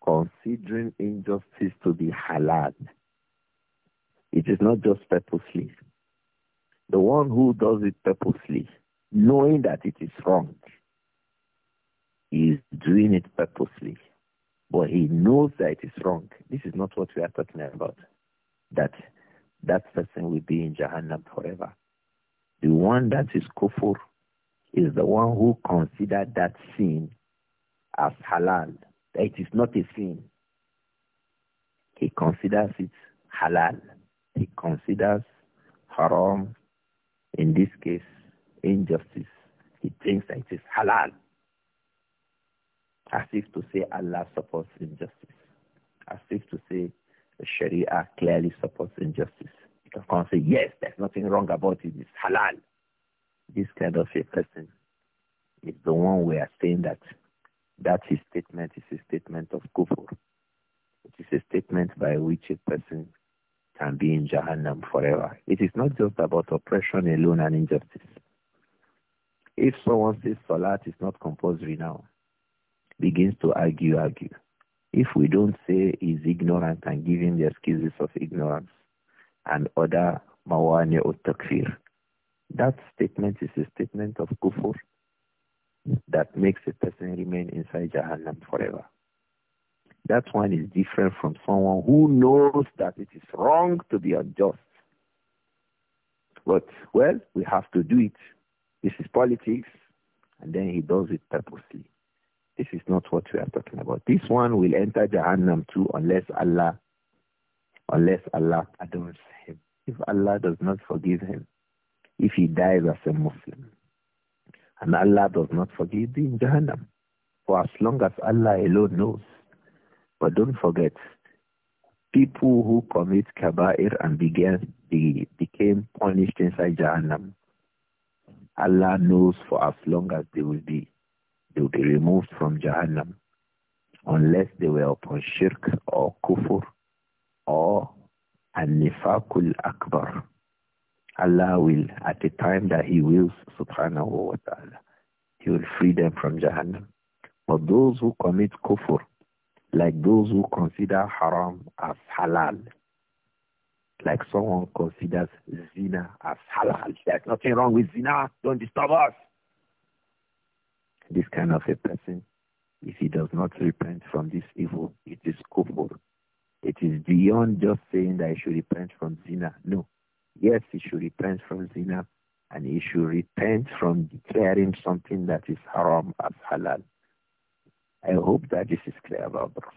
considering injustice to be halal. It is not just purposely. The one who does it purposely, knowing that it is wrong, is doing it purposely. But he knows that it is wrong. This is not what we are talking about. That that person will be in Jahannam forever. The one that is kufur is the one who considered that sin as halal. It is not a sin. He considers it halal. He considers haram, in this case, injustice. He thinks that it is halal. As if to say Allah supports injustice. As if to say the Sharia clearly supports injustice of course say, yes, there's nothing wrong about it, it's halal. This kind of a person is the one we are saying that that his statement is a statement of kufur. It is a statement by which a person can be in Jahannam forever. It is not just about oppression alone and injustice. If someone says Salat is not compulsory now, begins to argue, argue. If we don't say he's ignorant and give him the excuses of ignorance, and other mawani or takfir. That statement is a statement of kufur that makes a person remain inside Jahannam forever. That one is different from someone who knows that it is wrong to be unjust. But, well, we have to do it. This is politics, and then he does it purposely. This is not what we are talking about. This one will enter Jahannam too unless Allah unless Allah pardons him. If Allah does not forgive him, if he dies as a Muslim, and Allah does not forgive him, Jahannam, for as long as Allah alone knows. But don't forget, people who commit kaba'ir and began, be, became punished inside Jahannam, Allah knows for as long as they will be, they will be removed from Jahannam, unless they were upon shirk or kufr or al nifakul Akbar. Allah will, at the time that He wills, subhanahu wa ta'ala, He will free them from Jahannam. But those who commit kufr, like those who consider haram as halal, like someone considers zina as halal. There's nothing wrong with zina. Don't disturb us. This kind of a person, if he does not repent from this evil, it is kufr. It is beyond just saying that he should repent from zina. No. Yes, he should repent from zina, and he should repent from declaring something that is haram as halal. I hope that this is clear about that.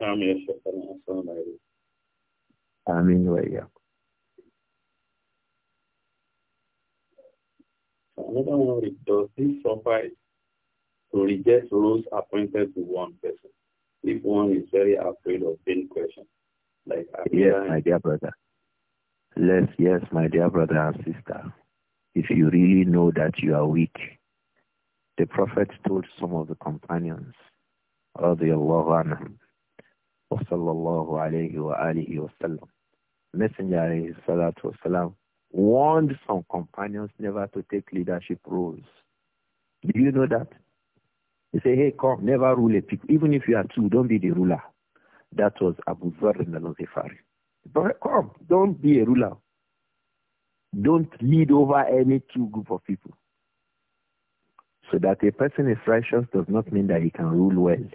آمين وإياكم. Another one does this suffice to reject rules appointed to one person? if one is very afraid of being questioned. Like yes, my dear brother. Yes, yes, my dear brother and sister. If you really know that you are weak, the Prophet told some of the companions, radiallahu anhum, sallallahu alayhi wa alihi wa Messenger alayhi salatu wasalam, warned some companions never to take leadership roles. Do you know that? He said, hey, come, never rule a people. Even if you are two, don't be the ruler. That was Abu Zar al-Ghifari. But come, don't be a ruler. Don't lead over any two group of people. So that a person is righteous does not mean that he can rule well.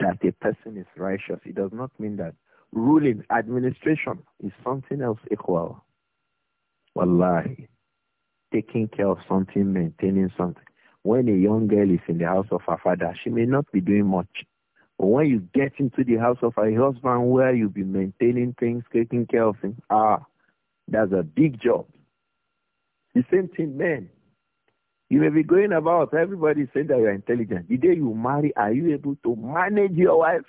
That a person is righteous, it does not mean that ruling, administration is something else equal. Wallahi. Taking care of something, maintaining something when a young girl is in the house of her father, she may not be doing much. But when you get into the house of her husband where you'll be maintaining things, taking care of him, ah, that's a big job. The same thing, men. You may be going about, everybody saying that you're intelligent. The day you marry, are you able to manage your wife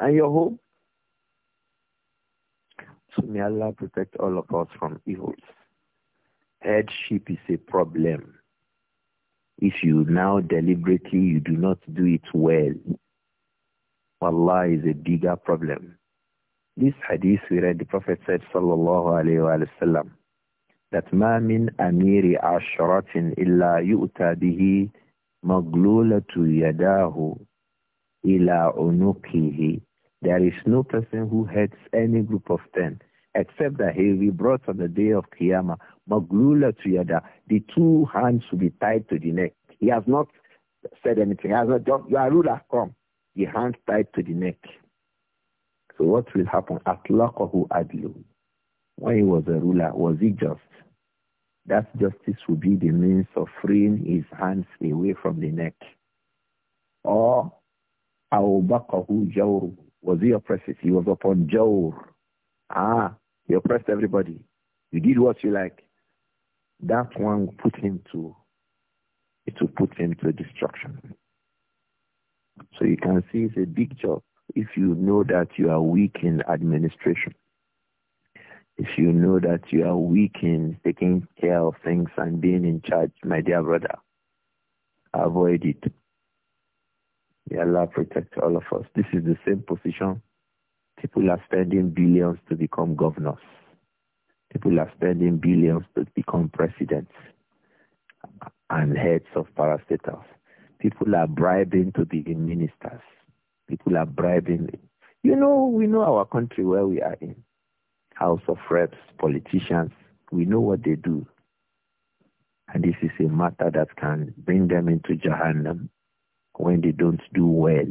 and your home? So may Allah protect all of us from evils. Headship is a problem. If you now deliberately, you do not do it well, Allah is a bigger problem. This hadith we read, the Prophet said, sallallahu alayhi wasallam, that ma min amiri asharatin illa yu'ta bihi maglulatu yadahu ila unukihi. There is no person who heads any group of ten except that he will be brought on the day of Qiyamah, maglula yada, the two hands will be tied to the neck. He has not said anything. He has not just, your ruler come, the hands tied to the neck. So what will happen? at who adlu. When he was a ruler, was he just? That justice will be the means of freeing his hands away from the neck. Or, who jawru. Was he oppressive? He was upon jawr. Ah, you oppressed everybody. You did what you like. That one put him to, it will put him to destruction. So you can see it's a big job if you know that you are weak in administration. If you know that you are weak in taking care of things and being in charge, my dear brother, avoid it. May Allah protect all of us. This is the same position People are spending billions to become governors. People are spending billions to become presidents and heads of parastatals. People are bribing to be ministers. People are bribing. You know, we know our country where we are in. House of Reps, politicians, we know what they do. And this is a matter that can bring them into Jahannam when they don't do well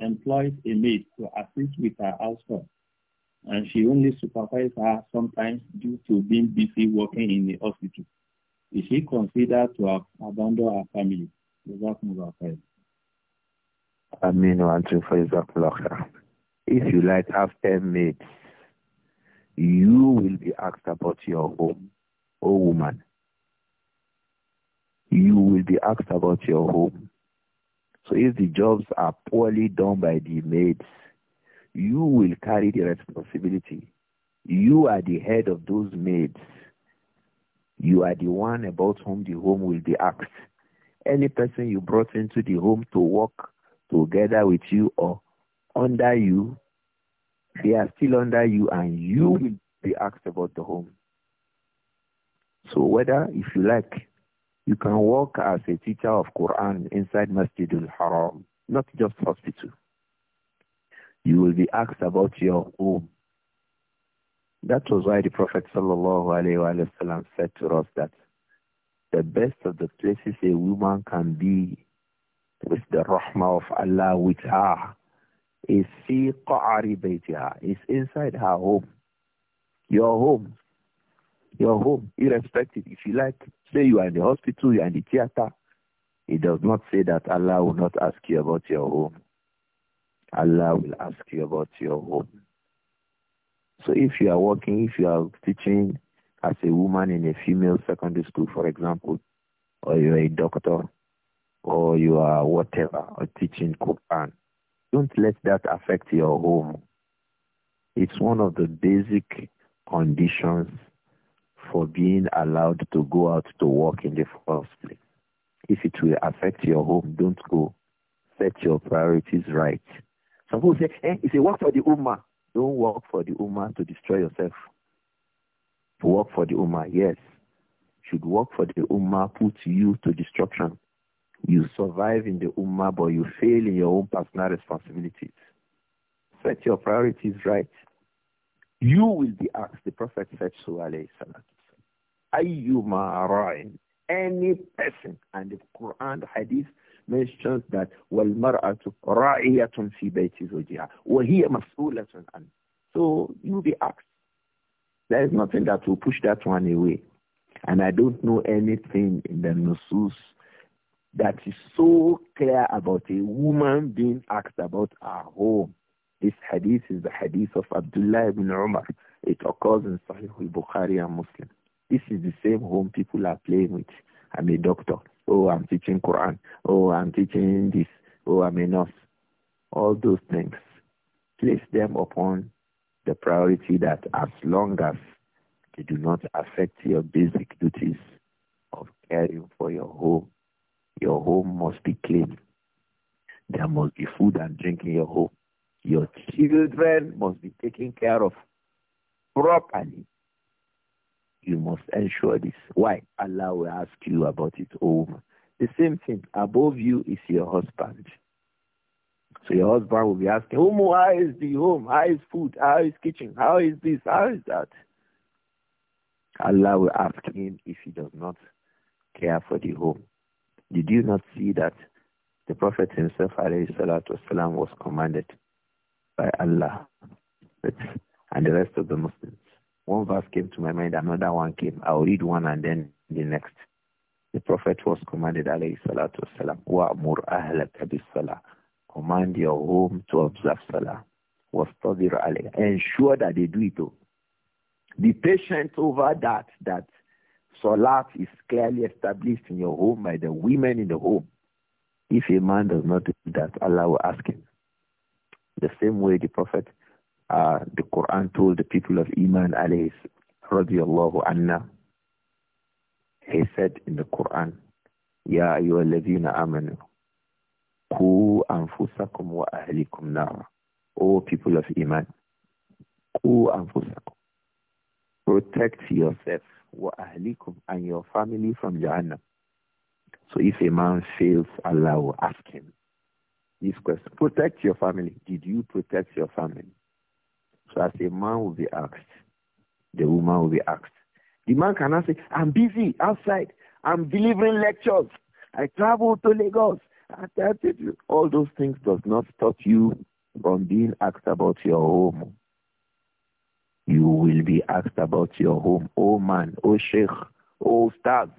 employs a maid to assist with her household, and she only supervises her sometimes due to being busy working in the hospital. Is she considered to have abandoned her family? I mean, one thing for example, if you like have 10 maids, you will be asked about your home, oh woman. You will be asked about your home so if the jobs are poorly done by the maids, you will carry the responsibility. You are the head of those maids. You are the one about whom the home will be asked. Any person you brought into the home to work together with you or under you, they are still under you and you will be asked about the home. So whether, if you like, you can work as a teacher of Quran inside Masjidul Haram, not just hospital. You will be asked about your home. That was why the Prophet ﷺ said to us that the best of the places a woman can be with the rahmah of Allah with her is fi qa'ari is inside her home. Your home, your home, irrespective. If you like, say you are in the hospital, you are in the theater. It does not say that Allah will not ask you about your home. Allah will ask you about your home. So if you are working, if you are teaching as a woman in a female secondary school, for example, or you are a doctor, or you are whatever, or teaching Quran, don't let that affect your home. It's one of the basic conditions for being allowed to go out to work in the first place. If it will affect your home, don't go. Set your priorities right. Some people say, eh, it's a work for the Ummah. Don't work for the Ummah to destroy yourself. work for the Ummah, yes. Should work for the Ummah put you to destruction. You survive in the Ummah, but you fail in your own personal responsibilities. Set your priorities right. You will be asked. The Prophet said so, alayhi ayyuma ra'in, any person. And the Quran, the Hadith mentions that وَالْمَرْأَةُ رَعِيَةٌ فِي بَيْتِ زَوْجِهَا وَهِيَ مَسْئُولَةٌ عَنْهُ So you'll be asked. There is nothing that will push that one away. And I don't know anything in the Nusus that is so clear about a woman being asked about her home. This hadith is the hadith of Abdullah ibn Umar. It occurs in Sahih al-Bukhari and Muslim. This is the same home people are playing with. I'm a doctor. Oh, I'm teaching Quran. Oh, I'm teaching this. Oh, I'm a nurse. All those things. Place them upon the priority that as long as they do not affect your basic duties of caring for your home, your home must be clean. There must be food and drink in your home. Your children must be taken care of properly. You must ensure this. Why? Allah will ask you about it, Over The same thing. Above you is your husband. So your husband will be asking, how is the home? How is food? How is kitchen? How is this? How is that? Allah will ask him if he does not care for the home. Did you not see that the Prophet himself, والسلام, was commanded by Allah and the rest of the Muslims one verse came to my mind, another one came. I'll read one and then the next. The Prophet was commanded, alayhi salatu wasalam, wa'mur ahlaka bis-salah. Command your home to observe salah. Wastadir alayha. Ensure that they do it. All. Be patient over that, that salat is clearly established in your home by the women in the home. If a man does not do that, Allah will ask him. The same way the Prophet uh, the Quran told the people of Iman alayhi radiallahu anna. He said in the Quran, Ya ayyuhalladhina amanu, ku anfusakum wa ahlikum nara. O people of Iman, ku anfusakum. Protect yourself wa ahlikum and your family from Jahannam. So if a man fails, Allah will ask him this question. Protect your family. Did you protect your family? So as a man will be asked, the woman will be asked. The man cannot say, I'm busy outside. I'm delivering lectures. I travel to Lagos. All those things does not stop you from being asked about your home. You will be asked about your home, oh man, oh sheikh, oh stars.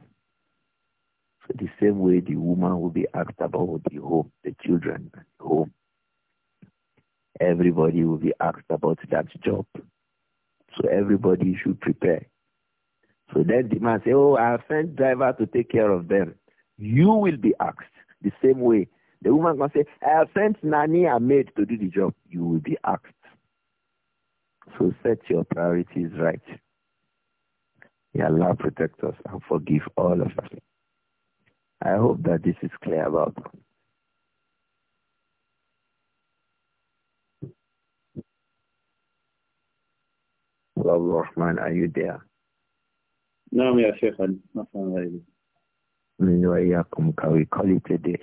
So the same way the woman will be asked about the home, the children, the home everybody will be asked about that job. So everybody should prepare. So then the man say, oh, I'll send driver to take care of them. You will be asked the same way. The woman can say, I'll send nanny and maid to do the job. You will be asked. So set your priorities right. May Allah protect us and forgive all of us. I hope that this is clear about Abu Rahman, are you there? No, yeah, Sheikh, nothing Can we call it a day?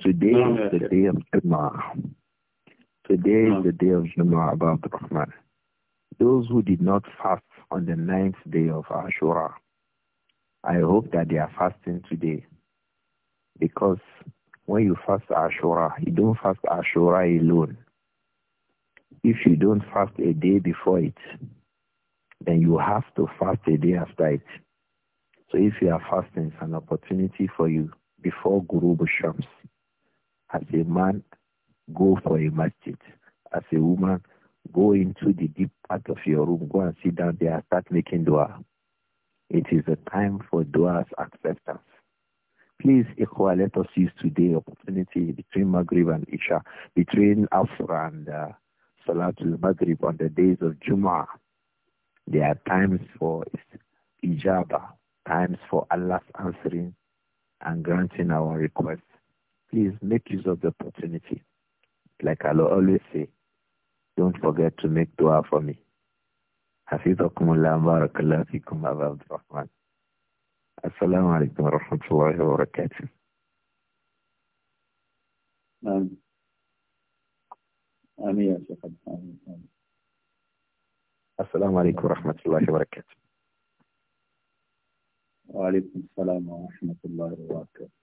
Today no, is the yeah, day of Jummah. Today no. is the day of Jummah, Abu Rahman. Those who did not fast on the ninth day of Ashura, I hope that they are fasting today. Because when you fast Ashura, you don't fast Ashura alone. If you don't fast a day before it, then you have to fast a day after it. So if you are fasting, it's an opportunity for you before Guru Shams. As a man, go for a masjid. As a woman, go into the deep part of your room, go and sit down there, start making dua. It is a time for dua's acceptance. Please, Ikhwa, let us use today opportunity between Maghrib and Isha, between Afra and uh, Salatul Maghrib on the days of Jum'ah. There are times for Ijaba, times for Allah's answering and granting our requests. Please make use of the opportunity. Like I always say, don't forget to make dua for me. Hafizakumullah barakallahu fikum Abdul Rahman. Assalamu alaikum wa rahmatullahi wa barakatuh. Um. آمين يا شيخ آمين آمين السلام عليكم ورحمة الله وبركاته وعليكم السلام ورحمة الله وبركاته